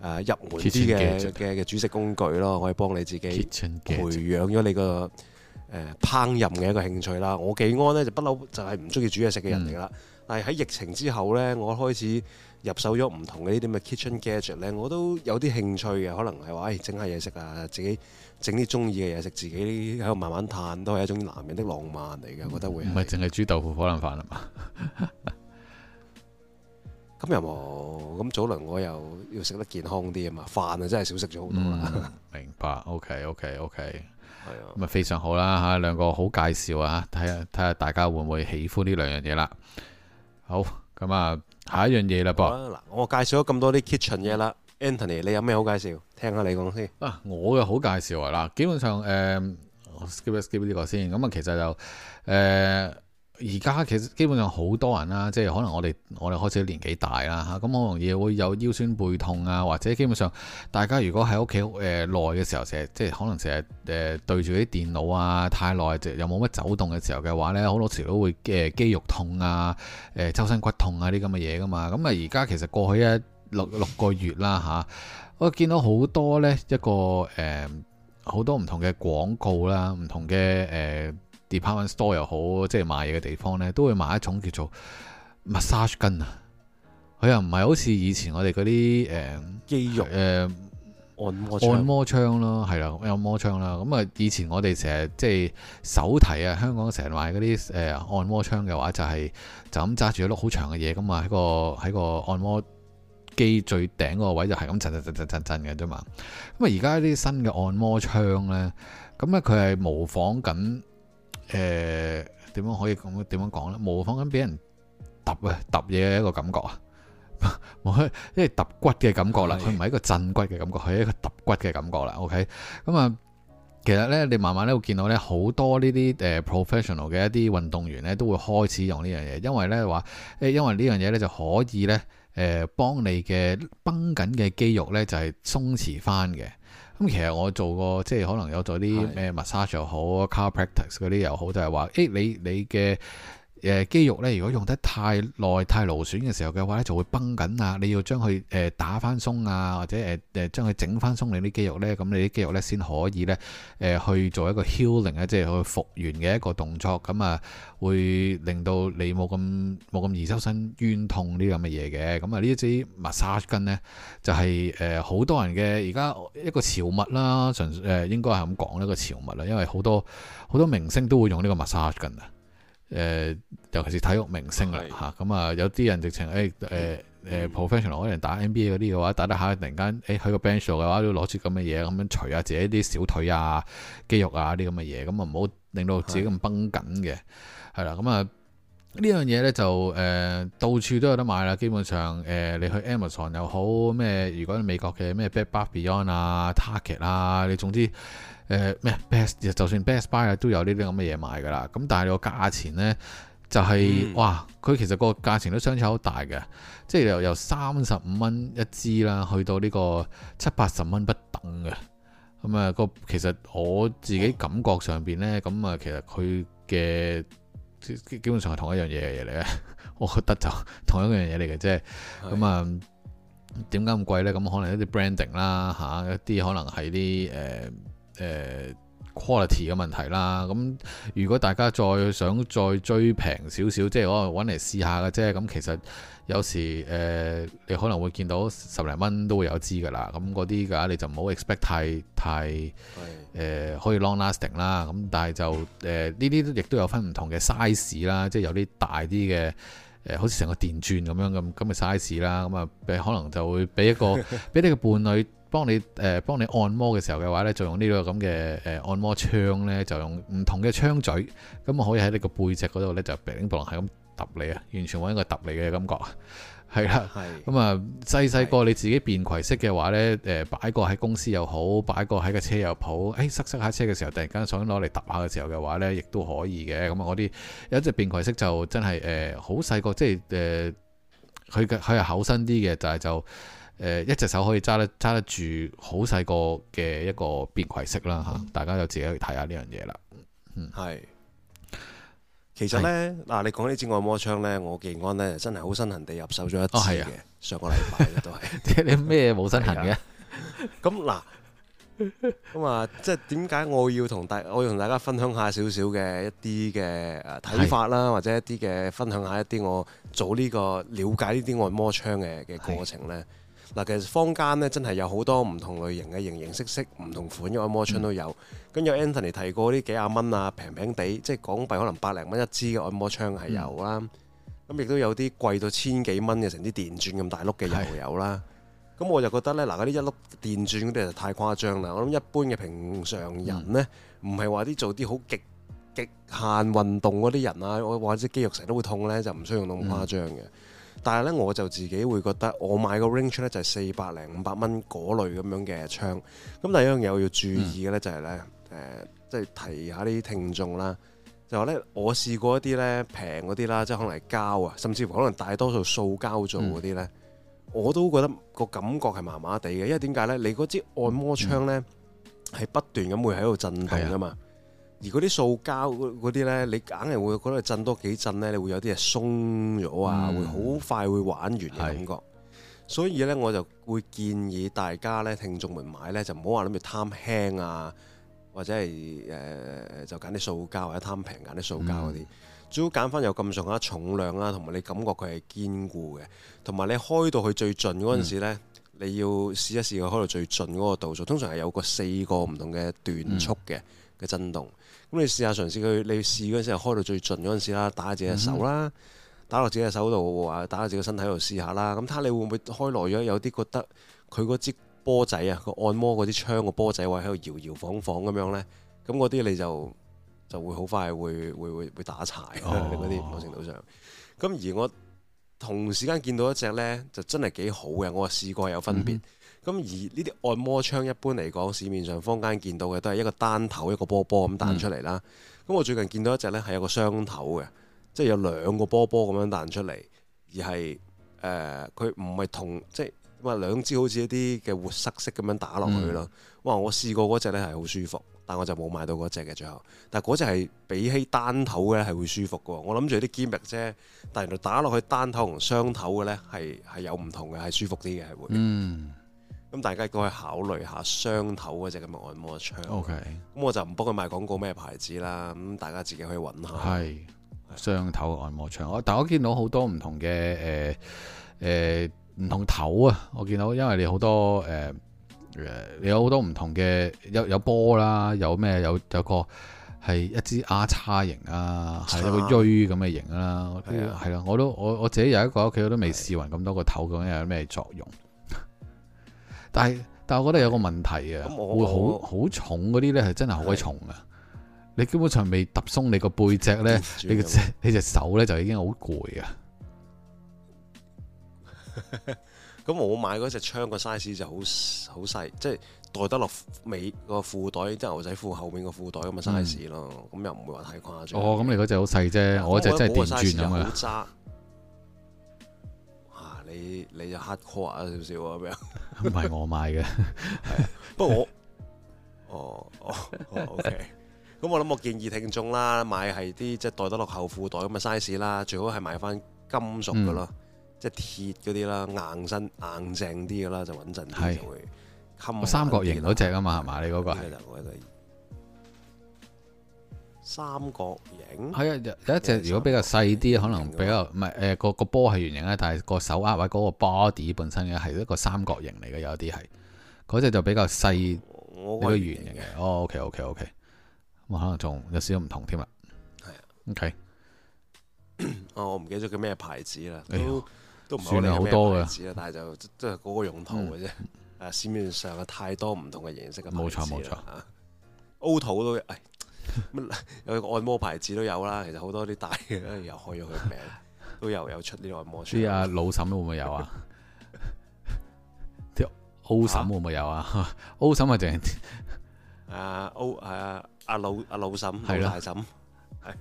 誒入門啲嘅嘅嘅煮食工具咯，可以幫你自己培養咗你個誒烹飪嘅一個興趣啦。我紀安呢，就不嬲，就係唔中意煮嘢食嘅人嚟㗎啦。但係喺疫情之後呢，我開始入手咗唔同嘅呢啲咁嘅 kitchen gadget 咧，我都有啲興趣嘅，可能係話誒整下嘢食啊，自己整啲中意嘅嘢食，自己喺度慢慢嘆，都係一種男人的浪漫嚟嘅。我、嗯、覺得會唔係淨係煮豆腐可能飯啊嘛。 咁又冇，咁早輪我又要食得健康啲啊嘛，飯啊真係少食咗好多啦、嗯。明白，OK，OK，OK，係啊，咁啊非常好啦嚇，兩個好介紹啊，睇下睇下大家會唔會喜歡呢兩樣嘢啦。好，咁、嗯、啊下一樣嘢啦噃嗱，我介紹咗咁多啲 Kitchen 嘢啦，Anthony，你有咩好介紹？聽下你講先啊，我嘅好介紹啊啦，基本上誒、呃，我 skip skip 呢個先，咁啊其實就誒。呃而家其實基本上好多人啦，即係可能我哋我哋開始年紀大啦吓，咁好容易會有腰酸背痛啊，或者基本上大家如果喺屋企誒耐嘅時候，成日即係可能成日誒對住啲電腦啊，太耐就又冇乜走動嘅時候嘅話呢，好多時都會誒、呃、肌肉痛啊、誒、呃、周身骨痛啊啲咁嘅嘢噶嘛。咁啊而家其實過去一六六個月啦吓、啊，我見到好多呢一個誒好、呃、多唔同嘅廣告啦，唔同嘅誒。呃 department store 又好，即係賣嘢嘅地方咧，都會賣一種叫做 massage 筋啊。佢又唔係好似以前我哋嗰啲誒肌肉誒按摩按摩槍咯，係啦、呃，按摩槍啦。咁啊、嗯，以前我哋成日即係手提啊，香港成日賣嗰啲誒按摩槍嘅話，就係、是、就咁揸住一碌好長嘅嘢，咁嘛。喺個喺個按摩機最頂嗰個位就係咁震震震震震震嘅啫嘛。咁、嗯、啊，而家啲新嘅按摩槍咧，咁咧佢係模仿緊。誒，點、呃、樣可以咁？點樣講咧？模仿緊俾人揼啊，揼嘢嘅一個感覺啊， 因為揼骨嘅感覺啦，佢唔係一個震骨嘅感覺，佢係一個揼骨嘅感覺啦。OK，咁啊，其實呢，你慢慢咧會見到呢好多呢啲誒 professional 嘅一啲運動員呢，都會開始用呢樣嘢，因為咧話誒，因為呢樣嘢呢，就可以呢誒、呃，幫你嘅繃緊嘅肌肉呢，就係、是、鬆弛翻嘅。咁其實我做過，即係可能有做啲咩 massage 又好是的，car practice 嗰啲又好，就係話，誒你你嘅。誒肌肉咧，如果用得太耐、太勞損嘅時候嘅話咧，就會繃緊啊！你要將佢誒、呃、打翻鬆啊，或者誒誒、呃、將佢整翻鬆，你啲肌肉咧，咁你啲肌肉咧先可以咧誒、呃、去做一個 healing 啊，即係去復原嘅一個動作。咁啊，會令到你冇咁冇咁易修身冤痛呢啲咁嘅嘢嘅。咁啊，呢一支 massage gun 咧，就係誒好多人嘅而家一個潮物啦，純誒、呃、應該係咁講一個潮物啦，因為好多好多明星都會用呢個 massage gun 啊。誒，尤其是體育明星嚟，嚇咁、嗯、啊，有啲人直情誒誒、哎、誒、呃呃、professional 可能打 NBA 嗰啲嘅話，打得下突然間誒喺個 bench 度嘅話，都要攞住咁嘅嘢咁樣除下自己啲小腿啊、肌肉啊啲咁嘅嘢，咁啊唔好令到自己咁繃緊嘅，係啦、嗯，咁、嗯、啊呢樣嘢咧就誒、呃、到處都有得買啦，基本上誒、呃、你去 Amazon 又好，咩如果美國嘅咩 Bed Bath & Beyond 啊、Target 啊，你總之。誒咩、呃、best，就算 best buy 啊，都有呢啲咁嘅嘢賣㗎啦。咁但係個價錢呢，就係、是嗯、哇，佢其實個價錢都相差好大嘅，即係由由三十五蚊一支啦，去到呢個七八十蚊不等嘅。咁、嗯、啊，個其實我自己感覺上邊呢，咁、嗯、啊，其實佢嘅基本上係同一樣嘢嘅嘢嚟嘅。我覺得就同一樣嘢嚟嘅啫。咁啊是，點解咁貴呢？咁、嗯、可能一啲 branding 啦，嚇、啊、一啲可能係啲誒。呃誒、呃、quality 嘅問題啦，咁如果大家再想再追平少少，即係我揾嚟試下嘅啫。咁其實有時誒、呃、你可能會見到十零蚊都會有支噶啦。咁嗰啲嘅你就唔好 expect 太太誒、呃、可以 long lasting 啦。咁但係就誒呢啲亦都有分唔同嘅 size 啦，即係有啲大啲嘅誒好似成個電鑽咁樣咁咁嘅 size 啦。咁啊，可能就會俾一個俾 你嘅伴侶。幫你誒幫你按摩嘅時候嘅話這這呢，就用呢個咁嘅誒按摩槍呢，就用唔同嘅槍嘴，咁可以喺你個背脊嗰度呢，就叮噥噥係咁揼你啊，完全冇一個揼你嘅感覺啊，係 啦的，咁啊細細個你自己便攜式嘅話呢，誒、呃、擺個喺公司又好，擺個喺個車又好，誒、哎、塞塞下車嘅時候，突然間想攞嚟揼下嘅時候嘅話呢，亦都可以嘅。咁我啲有一隻便攜式就真係誒好細個，即係誒佢嘅佢係厚身啲嘅，就係就。誒一隻手可以揸得揸得住好細個嘅一個便攜式啦嚇，嗯、大家就自己去睇下呢樣嘢啦。是嗯，其實呢，嗱的你講呢支按摩槍呢，我健安呢真係好身痕地入手咗一次嘅，哦、上個禮拜都係。 你咩冇身痕嘅？咁嗱，咁啊， 即係點解我要同大，我要同大家分享下少少嘅一啲嘅誒睇法啦的，或者一啲嘅分享下一啲我做呢、呢個了解呢啲按摩槍嘅嘅過程呢？的嗱，其實坊間咧真係有好多唔同類型嘅形形色色、唔同款嘅按摩槍都有。跟住、嗯、Anthony 提過啲幾廿蚊啊，平平地，即係港幣可能百零蚊一支嘅按摩槍係有啦。咁亦、嗯嗯、都有啲貴到千幾蚊嘅，成啲電鑽咁大碌嘅又有啦。咁是我就覺得咧，嗱嗰啲一碌電鑽嗰啲就太誇張啦。我諗一般嘅平常人呢，唔係話啲做啲好極極限運動嗰啲人啊，或者肌肉成日都會痛呢，就唔需要咁誇張嘅。嗯但係咧，我就自己會覺得我買個 range 咧就係四百零五百蚊嗰類咁樣嘅槍。咁第一樣嘢我要注意嘅咧就係、是、咧，誒、嗯呃、即係提下啲聽眾啦，就話咧我試過一啲咧平嗰啲啦，即係可能係膠啊，甚至乎可能大多數塑膠做嗰啲咧，嗯、我都覺得個感覺係麻麻地嘅。因為點解咧？你嗰支按摩槍咧係、嗯、不斷咁會喺度震動噶嘛。嗯嗯而嗰啲塑膠嗰啲呢，你硬係會覺得多震多幾震呢，你會有啲嘢鬆咗啊，嗯、會好快會玩完嘅感覺。是所以呢，我就會建議大家呢，聽眾們買呢，就唔好話諗住貪輕啊，或者係誒、呃、就揀啲塑膠或者貪平揀啲塑膠嗰啲，最好揀翻有咁重嘅重量啦，同埋你感覺佢係堅固嘅，同埋你開到去最盡嗰陣時呢，嗯、你要試一試佢開到最盡嗰個度數，通常係有個四個唔同嘅段速嘅嘅震動。嗯咁你試下嘗，嘗試佢，你試嗰陣時候開到最盡嗰陣時啦，打下自己隻手啦、嗯哼，打落自己隻手度，或打下自己身體度試下啦。咁睇下你會唔會開耐咗，有啲覺得佢嗰支波仔啊，個按摩嗰啲槍個波仔位喺度搖搖晃晃咁樣呢。咁嗰啲你就就會好快會會會會打柴嗰啲某程度上。咁而、哦、 我同時間見到一隻呢，就真係幾好嘅。我話試過有分別。嗯咁而呢啲按摩槍一般嚟講，市面上坊間見到嘅都係一個單頭一個波波咁彈出嚟啦。咁、嗯、我最近見到一隻呢，係有個雙頭嘅，即係有兩個波波咁樣彈出嚟，而係誒佢唔係同即係唔係兩支好似一啲嘅活塞式咁樣打落去咯。嗯、哇！我試過嗰隻呢係好舒服，但我就冇買到嗰隻嘅最後。但嗰隻係比起單頭嘅係會舒服嘅。我諗住啲堅力啫，但係原來打落去單頭同雙頭嘅呢係係有唔同嘅，係舒服啲嘅係會。嗯咁大家都可以考慮下雙頭嗰隻咁嘅按摩槍。OK，咁我就唔幫佢賣廣告咩牌子啦。咁大家自己可以揾下。係雙頭按摩槍。我但我見到好多唔同嘅誒誒唔同頭啊。我見到因為你好多誒誒、呃、有好多唔同嘅有有波啦，有咩有有個係一支丫叉型啊，係一叉個鋸咁嘅型啊，係啊，我都、哎、呀我都我，我自己有一個喺屋企，我都未試勻咁多個頭究竟有咩作用。但係，但係我覺得有個問題啊，會好好重嗰啲咧係真係好鬼重啊！的你基本上未揼鬆你個背脊咧、嗯，你嘅隻手咧就已經好攰啊！咁 我買嗰隻槍個 size 就好好細，即係袋得落尾個褲袋，即係牛仔褲後面個褲袋咁嘅 size 咯。咁又唔會話太誇張。哦，咁你嗰隻好細啫，我嗰隻真係電轉咁樣。你你就 hardcore 啊，少少啊，咁樣唔係我買嘅， 不過我， 哦哦 OK 咁我諗，我建議聽眾啦，買係啲即係袋得落後褲袋咁嘅 size 啦，最好係買翻金屬噶咯，嗯、即係鐵嗰啲啦，硬身硬正啲噶啦，就穩陣啲會。冇三角形嗰隻啊嘛，係嘛？你嗰個係。三角形，係啊，有一隻如果比較細啲，可能比較唔係誒，個個波係圓形咧，但係個手握位嗰個 body 本身嘅係一個三角形嚟嘅。有啲係，嗰隻就比較細，嗰個圓形嘅。哦，OK，OK，OK，咁可能仲有少少唔同添啦。係啊，OK，哦，我唔記得叫咩牌子啦，都唔算理好多嘅，但係就即係嗰個用途嘅啫。誒，市面上有太多唔同嘅形式，冇錯冇錯，O 都。乜 有個按摩牌子都有啦，其實好多啲大嘅又開咗佢名， 都又有，有出啲按摩。所以阿老嬸會唔會有啊？啲 O 嬸會唔會有啊？O 嬸啊，淨係阿 O 係啊，阿老阿老嬸老大嬸係。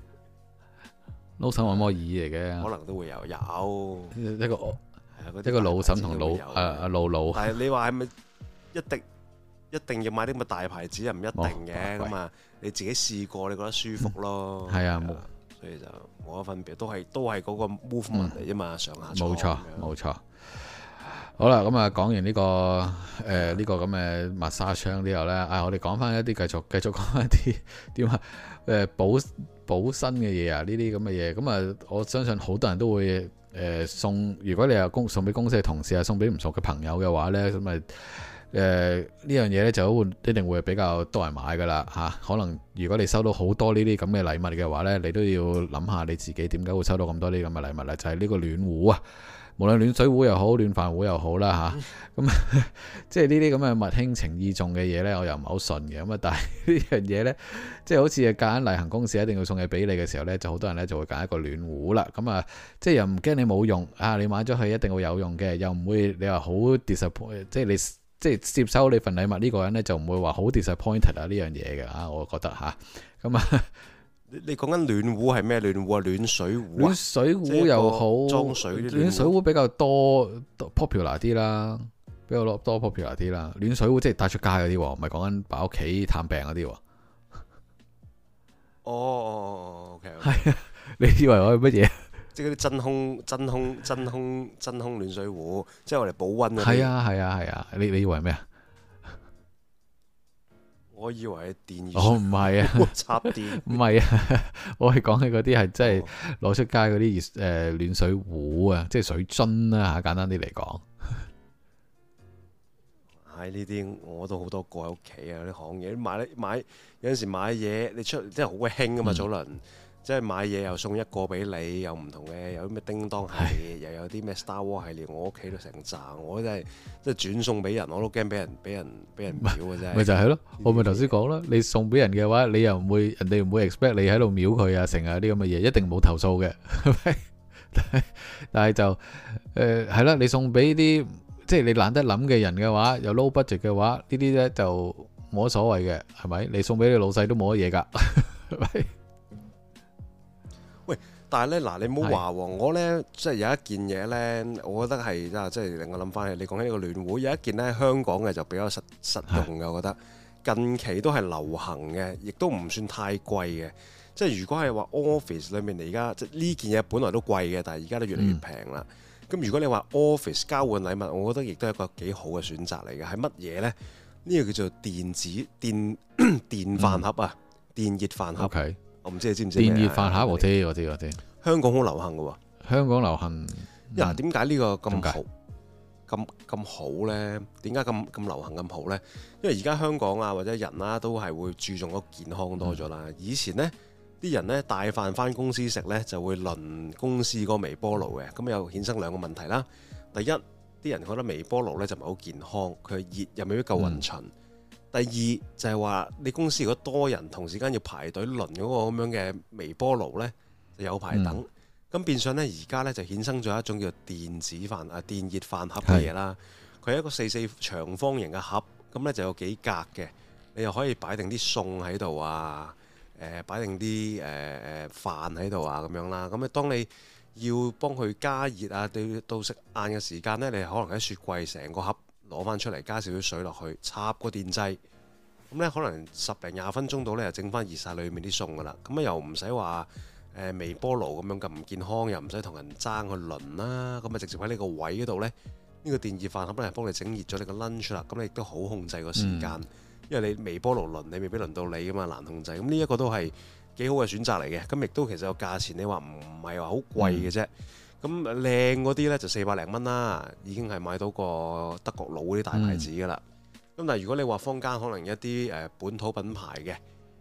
老嬸的 按摩椅嚟嘅，可能都會有。有一個一個、啊、老嬸同老阿、啊、老老係。 你話係咪一滴？一定要買啲咁嘅大牌子啊？唔一定嘅咁啊，你自己試過，你覺得舒服咯。係、嗯、啊，嗯、所以就冇得分別，都係都係嗰個 movement 嚟啫嘛，嗯、上下冇、嗯、錯冇錯。好啦，咁啊，講完呢、這個誒呢、呃嗯嗯、個咁嘅麥莎槍之後咧，啊、哎，我哋講翻一啲繼續繼續講翻一啲點啊誒補補身嘅嘢啊，呢啲咁嘅嘢，咁啊，這這我相信好多人都會誒送、呃，如果你係公送俾公司嘅同事啊，送俾唔熟嘅朋友嘅話咧，咁啊。誒呢樣嘢咧就一定會比較多人買噶啦嚇，可能如果你收到好多呢啲咁嘅禮物嘅話呢，你都要諗下你自己點解會收到咁多呢啲咁嘅禮物啦，就係、是、呢個暖壺啊，無論暖水壺又好，暖飯壺又好啦吓，咁、啊啊嗯、 即係呢啲咁嘅物輕情意重嘅嘢呢，我又唔係好信嘅咁啊，但係呢樣嘢呢，即係好似係揀例行公事一定要送嘢俾你嘅時候呢，就好多人呢就會揀一個暖壺啦，咁啊即係又唔驚你冇用啊，你買咗佢一定會有用嘅，又唔會你話好 disappoint，即係你。即係接收你份禮物呢個人咧就唔會話好 disappointed 啊，呢樣嘢嘅啊，我覺得吓，咁啊， 你你講緊暖壺係咩暖壺啊？暖水壺，啊，暖水壺又好，裝水暖，暖水壺比較多，多 popular 啲啦，比較多 popular 啲啦。暖水壺即係帶出街嗰啲，唔係講緊擺屋企探病嗰啲。哦，哦哦，OK，係啊，你以為我係乜嘢？即係嗰啲真空真空真空真空暖水壺，即係我哋保溫嗰啲。係啊係啊係啊！你你以為係咩啊？我以為係電熱，哦唔係啊，插電唔係啊，我係講起嗰啲係即係攞出街嗰啲熱誒暖水壺啊，即係水樽啦吓，簡單啲嚟講。喺呢啲我都好多個喺屋企啊！啲行嘢買咧買，有陣時買嘢你出，即係好鬼興噶嘛，早輪。即係買嘢又送一個俾你，又唔同嘅，有啲咩叮當系列，又有啲咩 Star Wars 系列，我屋企都成紮，我真係即係轉送俾人，我都驚俾人俾人俾人秒嘅啫。咪就係咯，我咪頭先講啦。你送俾人嘅話，你又唔會人哋唔會 expect 你喺度秒佢啊，成日啲咁嘅嘢，一定冇投訴嘅。但係就誒係啦，你送俾啲即係你懶得諗嘅人嘅話，又 low budget 嘅話，呢啲咧就冇乜所謂嘅，係咪？你送俾你老細都冇乜嘢㗎。係咪？但係咧，嗱你唔好話我咧即係有一件嘢咧，是我覺得係真即係令我諗翻嘅。你講起個暖壺有一件咧，香港嘅就比較實實用嘅。是我覺得近期都係流行嘅，亦都唔算太貴嘅。即係如果係話 office 裏面嚟，而家即係呢件嘢本來都貴嘅，但係而家都越嚟越平啦。咁、嗯、如果你話 office 交換禮物，我覺得亦都係一個幾好嘅選擇嚟嘅。係乜嘢咧？呢、呢個叫做電子電 電飯盒啊，嗯、電熱飯盒。Okay. 唔知你知唔知電熱飯盒，嗰啲嗰啲香港好流行嘅喎。香港流行嗱，點、嗯、解呢個咁好咁咁好咧？點解咁咁流行咁好咧？因為而家香港啊，或者人啦，都係會注重個健康多咗啦。嗯、以前呢啲人咧帶飯翻公司食咧，就會輪公司個微波爐嘅，咁又衍生兩個問題啦。第一，啲人覺得微波爐咧就唔係好健康，佢熱又未必夠均勻。嗯第二就係、是、話，你公司如果多人同時間要排隊輪嗰個咁樣嘅微波爐呢，就有排等。咁、嗯、變相呢，而家呢就衍生咗一種叫電子飯啊電熱飯盒嘅嘢啦。佢係的一個四四長方形嘅盒，咁呢就有幾格嘅，你又可以擺定啲餸喺度啊，誒、呃、擺定啲誒誒飯喺度啊咁樣啦。咁啊，當你要幫佢加熱啊，到食晏嘅時間呢，你可能喺雪櫃成個盒。攞翻出嚟，加少少水落去，插個電掣，咁咧可能十零廿分鐘度咧，又整翻熱晒裏面啲餸噶啦。咁啊又唔使話微波爐咁樣咁唔健康，又唔使同人爭去輪啦。咁啊直接喺呢個位嗰度呢，呢、呢個電熱飯盒咧幫你整熱咗你個 lunch 啦。咁你亦都好控制個時間，嗯、因為你微波爐輪你未必輪到你噶嘛，難控制。咁呢一個都係幾好嘅選擇嚟嘅。咁亦都其實個價錢你話唔係話好貴嘅啫。嗯嗯。咁靚嗰啲呢，就四百零蚊啦，已經係買到個德國佬啲大牌子噶啦。咁、嗯、但係如果你話坊間可能一啲誒本土品牌嘅，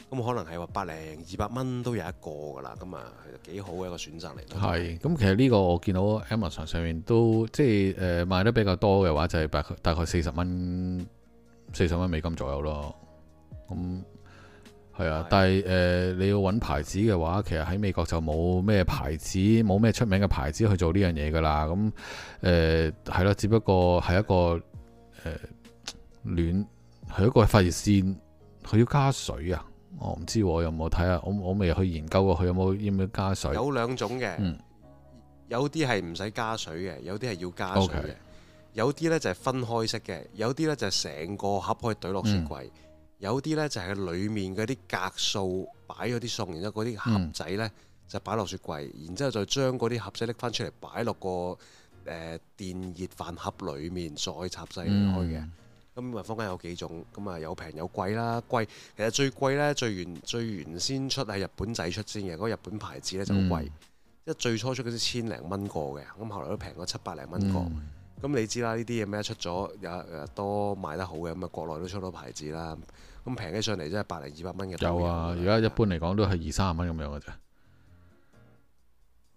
咁可能係話百零二百蚊都有一個噶啦。咁啊幾好嘅一個選擇嚟。係咁，其實呢個我見到 Amazon 上面都即係誒賣得比較多嘅話，就係、是、大概大概四十蚊四十蚊美金左右咯。咁。係啊，但係誒、呃、你要揾牌子嘅話，其實喺美國就冇咩牌子，冇咩出名嘅牌子去做呢樣嘢㗎啦。咁誒係啦，只不過係一個誒、呃、暖，係一個發熱線，佢要加水啊！我、哦、唔知我有冇睇下，我我未去研究過佢有冇要唔要加水。有兩種嘅、嗯，有啲係唔使加水嘅，有啲係要加水嘅。okay. 有啲呢就係分開式嘅，有啲呢就係成個盒可以攤落雪櫃。嗯有啲呢就係裏面嗰啲格數擺咗啲餸，然之後嗰啲盒仔呢就擺落雪櫃，嗯、然之後再將嗰啲盒仔拎翻出嚟擺落個誒電熱飯盒裏面再插晒開嘅。咁物坊間有幾種，咁啊有平有貴啦，貴其實最貴呢，最原最原先出係日本仔出先嘅，嗰日本牌子呢就好貴，嗯、即係最初出嗰啲千零蚊個嘅，咁後來都平咗七百零蚊個。咁、嗯、你知啦，呢啲嘢咩出咗有多賣得好嘅，咁啊國內都出到牌子啦。咁平起上嚟真係百零二百蚊嘅，有啊！而家一般嚟講都係二三十蚊咁樣嘅啫，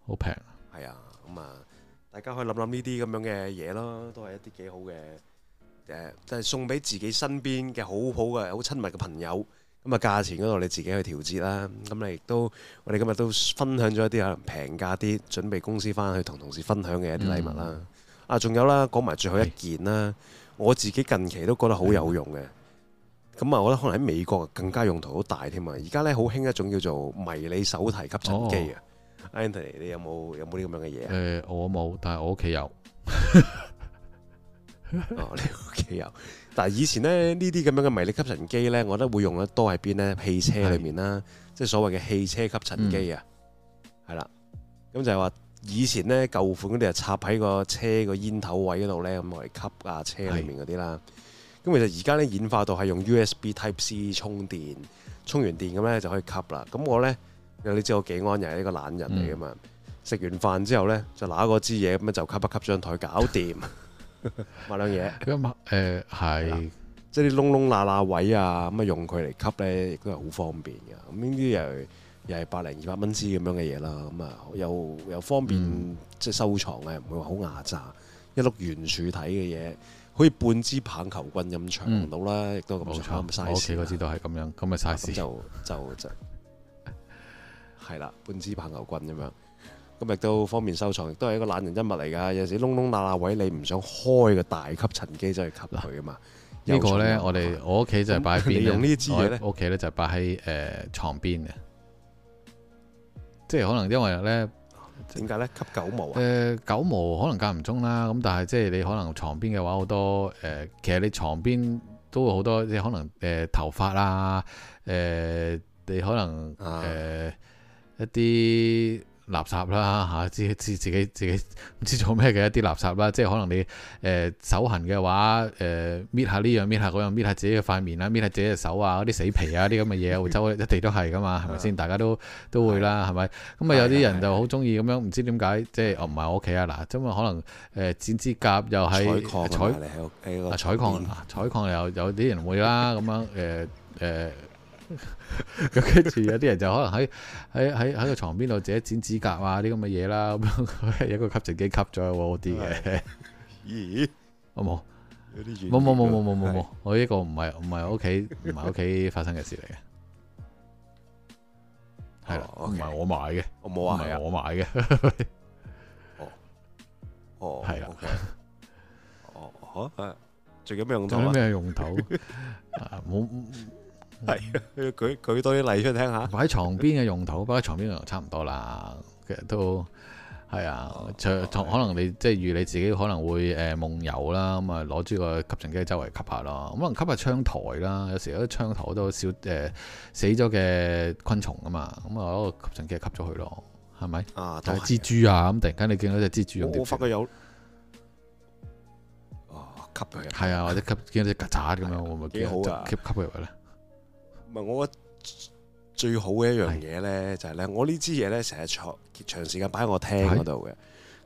好平。啊。係啊，咁啊，大家可以諗諗呢啲咁樣嘅嘢咯，都係一啲幾好嘅誒，就係、是、送俾自己身邊嘅好好嘅好親密嘅朋友。咁啊，價錢嗰度你自己去調節啦。咁你亦都我哋今日都分享咗一啲可能平價啲，準備公司翻去同同事分享嘅一啲禮物啦。嗯、啊，仲有啦，講埋最後一件啦，的我自己近期都覺得好有用嘅。咁啊，我覺得可能喺美國更加用途好大添啊！而家咧好興一種叫做迷你手提吸塵機啊 Anthony，你有冇有冇啲咁樣嘅嘢啊？誒，我冇，但係我屋企有。你屋企有？但係、 哦、以前咧呢啲咁樣嘅迷你吸塵機咧，我覺得會用得多喺邊咧？汽車裏面啦，是即係所謂嘅汽車吸塵機啊，係啦、嗯。咁就係話以前咧舊款嗰啲啊，插喺個車個煙頭位嗰度咧，咁嚟吸啊車裏面嗰啲啦。咁其實而家咧演化到係用 USB Type C 充電，充完電咁咧就可以吸啦。咁我咧你知道我幾安逸係一個懶人嚟噶嘛？食、嗯、完飯之後咧就拿個支嘢咁就吸一吸張台搞掂。 買兩嘢咁啊？誒係，即係啲窿窿罅罅位啊，咁啊用佢嚟吸咧亦都係好方便嘅。咁呢啲又又係百零二百蚊支咁樣嘅嘢啦。咁啊又又方便、嗯、即係收藏嘅，唔會話好牙雜，一碌圓柱體嘅嘢。好似半支棒球棍咁長到啦，嗯，亦都咁長，晒錯我屋企嗰支都係咁樣，咁咪 size。就就就係啦，半支棒球棍咁樣。咁亦都方便收藏，亦都係一個懶人恩物嚟㗎。有時窿窿罅罅位，你唔想開個大吸塵機，真係吸落去㗎嘛。啊個呢個咧，我哋我屋企就係擺邊。 你用呢支嘢咧，屋企咧就係擺喺誒床邊嘅。即係可能因為咧。點解呢？吸狗毛啊？誒、呃，狗毛可能間唔中啦，咁但係即係你可能床邊嘅話好多誒、呃，其實你床邊都會好多即係可能誒、呃、頭髮啦，誒、呃、你可能誒、啊呃、一啲垃圾啦嚇，知知自己自己唔知做咩嘅一啲垃圾啦，即係可能你誒、呃、手痕嘅話，誒、呃、搣下呢樣，搣下嗰樣，搣下自己嘅塊面啦，搣下自己嘅手啊，嗰啲死皮啊，啲咁嘅嘢會周圍一地都係噶嘛，係咪先？大家都對都會啦，係咪？咁啊有啲人就好中意咁樣，唔知點解，即係哦唔係我屋企啊嗱，因為可能誒剪指甲又係、啊採，啊、採礦嚟喎，啊採礦，又有啲人會啦，咁樣誒誒。咁跟住有啲人就可能喺喺喺喺個床邊度自己剪指甲啊啲咁嘅嘢啦，咁 樣有一個吸塵機吸咗好啲嘅。咦？我冇、 欸，冇冇冇冇冇冇冇，我呢個唔係唔係屋企唔係屋企發生嘅事嚟嘅，係啦， 唔係我買嘅，我冇啊，唔係我買嘅，哦，哦，係啦 嗎，哦， 吓， 咩用途啊？做咩用途？冇。係，舉舉多啲例出嚟聽，聽下。喺床邊嘅用途，擺喺床邊就差唔多啦。其實都係啊，床床、啊、可能你即係如你自己可能會誒夢遊啦，咁啊攞住個吸塵機周圍吸下咯。咁、嗯、可能吸下窗台啦，有時啲窗台都少誒、呃、死咗嘅昆蟲啊嘛，咁啊攞個吸塵機吸咗佢咯，係咪？啊，但蜘蛛啊，咁、啊嗯、突然間你見到隻蜘蛛用我？我發覺有。哦、吸佢。係啊， 或者吸見到隻曱甴咁樣，我咪對、啊、吸吸入佢咧。唔係，我覺得最好嘅一樣嘢咧，就係咧，我呢支嘢咧成日長長時間擺喺我廳嗰度嘅。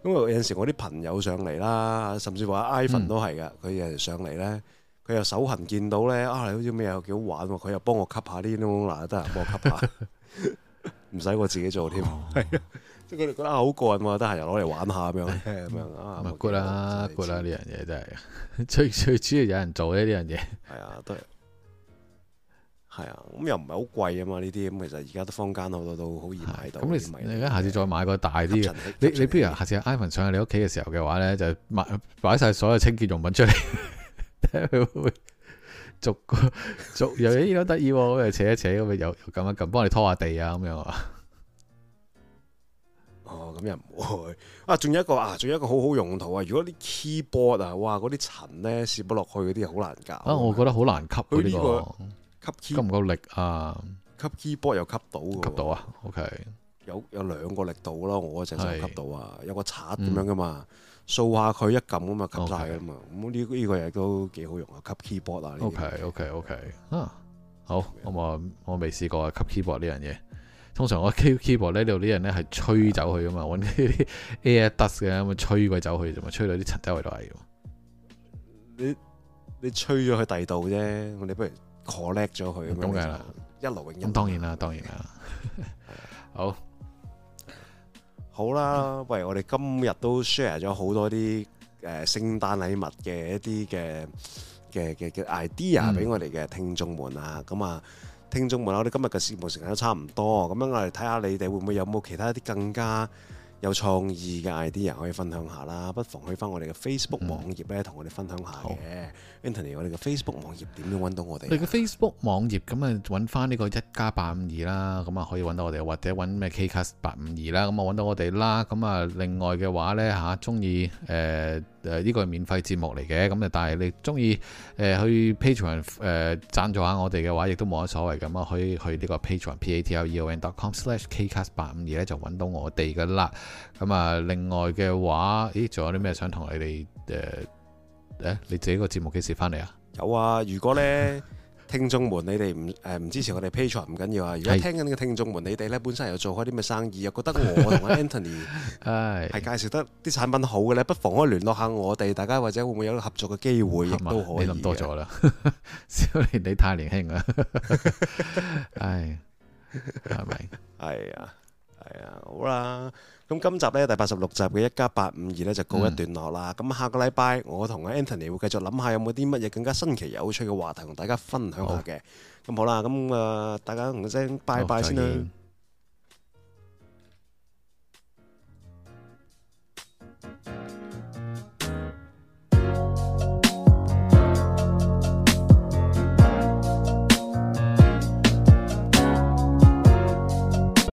咁有陣時我啲朋友上嚟啦，甚至話 iPhone 都係噶，佢誒上嚟咧，佢又手痕見到咧啊，好似咩嘢又幾好玩喎，佢又幫我吸下啲窿罅，得閒幫我吸下，唔使我自己做添。即係佢哋覺得好過癮喎，得閒又攞嚟玩下咁樣，咁樣啊，啦啦呢樣嘢真係，最主要有人做呢。呢樣嘢。係啊，都係。係啊，咁又唔係好貴啊嘛？呢啲咁其實而家都坊間好多都好易買到。咁你唔係你而家下次再買個大啲，你你不如下次 Ivan 上喺你屋企嘅時候嘅話咧，就買擺晒所有清潔用品出嚟， 逐個逐又有啲好得意，又扯 一扯咁，又又撳一撳，幫你拖下地啊咁樣，哦、樣啊。哦，咁又唔會啊？仲有一個啊，仲有一個好好用途啊！如果啲 keyboard 啊，哇，嗰啲塵咧攝不落去嗰啲，好難搞啊！我覺得好難吸呢、啊這個、啊。吸唔夠力啊！吸 keyboard 又吸到，吸到啊！OK，有有兩個力度啦，我淨係吸到啊，有個刷咁樣噶嘛，掃下佢一撳咁啊，吸晒噶嘛。咁呢呢個嘢都幾好用啊，吸 keyboard 啊！OK OK OK，好，我咪我未試過吸 keyboard 呢樣嘢。通常我吸 keyboard 呢度呢人咧係吹走佢噶嘛，搵啲 air dust 嘅咁啊，吹佢走去啫嘛，吹到啲塵走佢度嚟，你你吹咗去第二度啫，你不如。可叻咗佢咁樣，嗯、一路永遠、嗯。咁當然啦，當然啦。 好，好啦吧，嗯、喂，我哋今日都 share 咗好多啲誒、呃、聖誕禮物嘅一啲嘅嘅嘅 idea 俾、嗯、我哋嘅聽眾們啊。咁啊聽眾們，我哋今日嘅節目時間都差唔多，咁樣我哋睇下你哋會唔會有冇其他一啲更加～有創意嘅 idea 可以分享下啦，不妨去翻我哋嘅 Facebook、嗯、網頁咧，同我哋分享下嘅。Anthony，好我哋嘅 Facebook 網頁點樣揾到我哋？你嘅 Facebook 網頁咁啊，揾翻呢個一家八五二啦，咁啊可以揾到我哋，或者揾咩 K Cast 八五二啦，咁啊揾到我哋啦。咁啊，另外嘅話呢，吓中意誒。 誒呢個係免費節目嚟嘅，咁啊，但係你中意誒去 Patreon 誒贊助下我哋嘅話，亦都冇乜所謂。咁啊，可以去呢個 Patreon p-a-t-r-e-o-n.com/slash/kcast 八五二咧，就揾到我哋㗎喇。咁啊，另外嘅話，咦，仲有啲咩想同你哋誒？誒、呃，你自己個節目幾時返嚟啊？有啊，如果咧～ 聽眾們，你哋唔誒唔支持我哋 Patreon 唔緊要啊！而家聽緊呢個聽眾們，你哋咧本身又做開啲咩生意，又覺得我同 Anthony 係介紹得啲產品好嘅咧，不妨可以聯絡下我哋大家，或者會唔會有一個合作嘅機會亦都可以。你諗多咗啦，少 年你，你太年輕啦！唉，係咪？係啊。係啊，好啦，咁今集呢，第八十六集嘅一家八五二呢，就告一段落啦。咁、嗯、下個禮拜我同 Anthony 會繼續諗下有冇啲乜嘢更加新奇有趣嘅話題同大家分享下嘅。咁、哦、好啦，咁啊大家同聲拜拜、哦、先啦。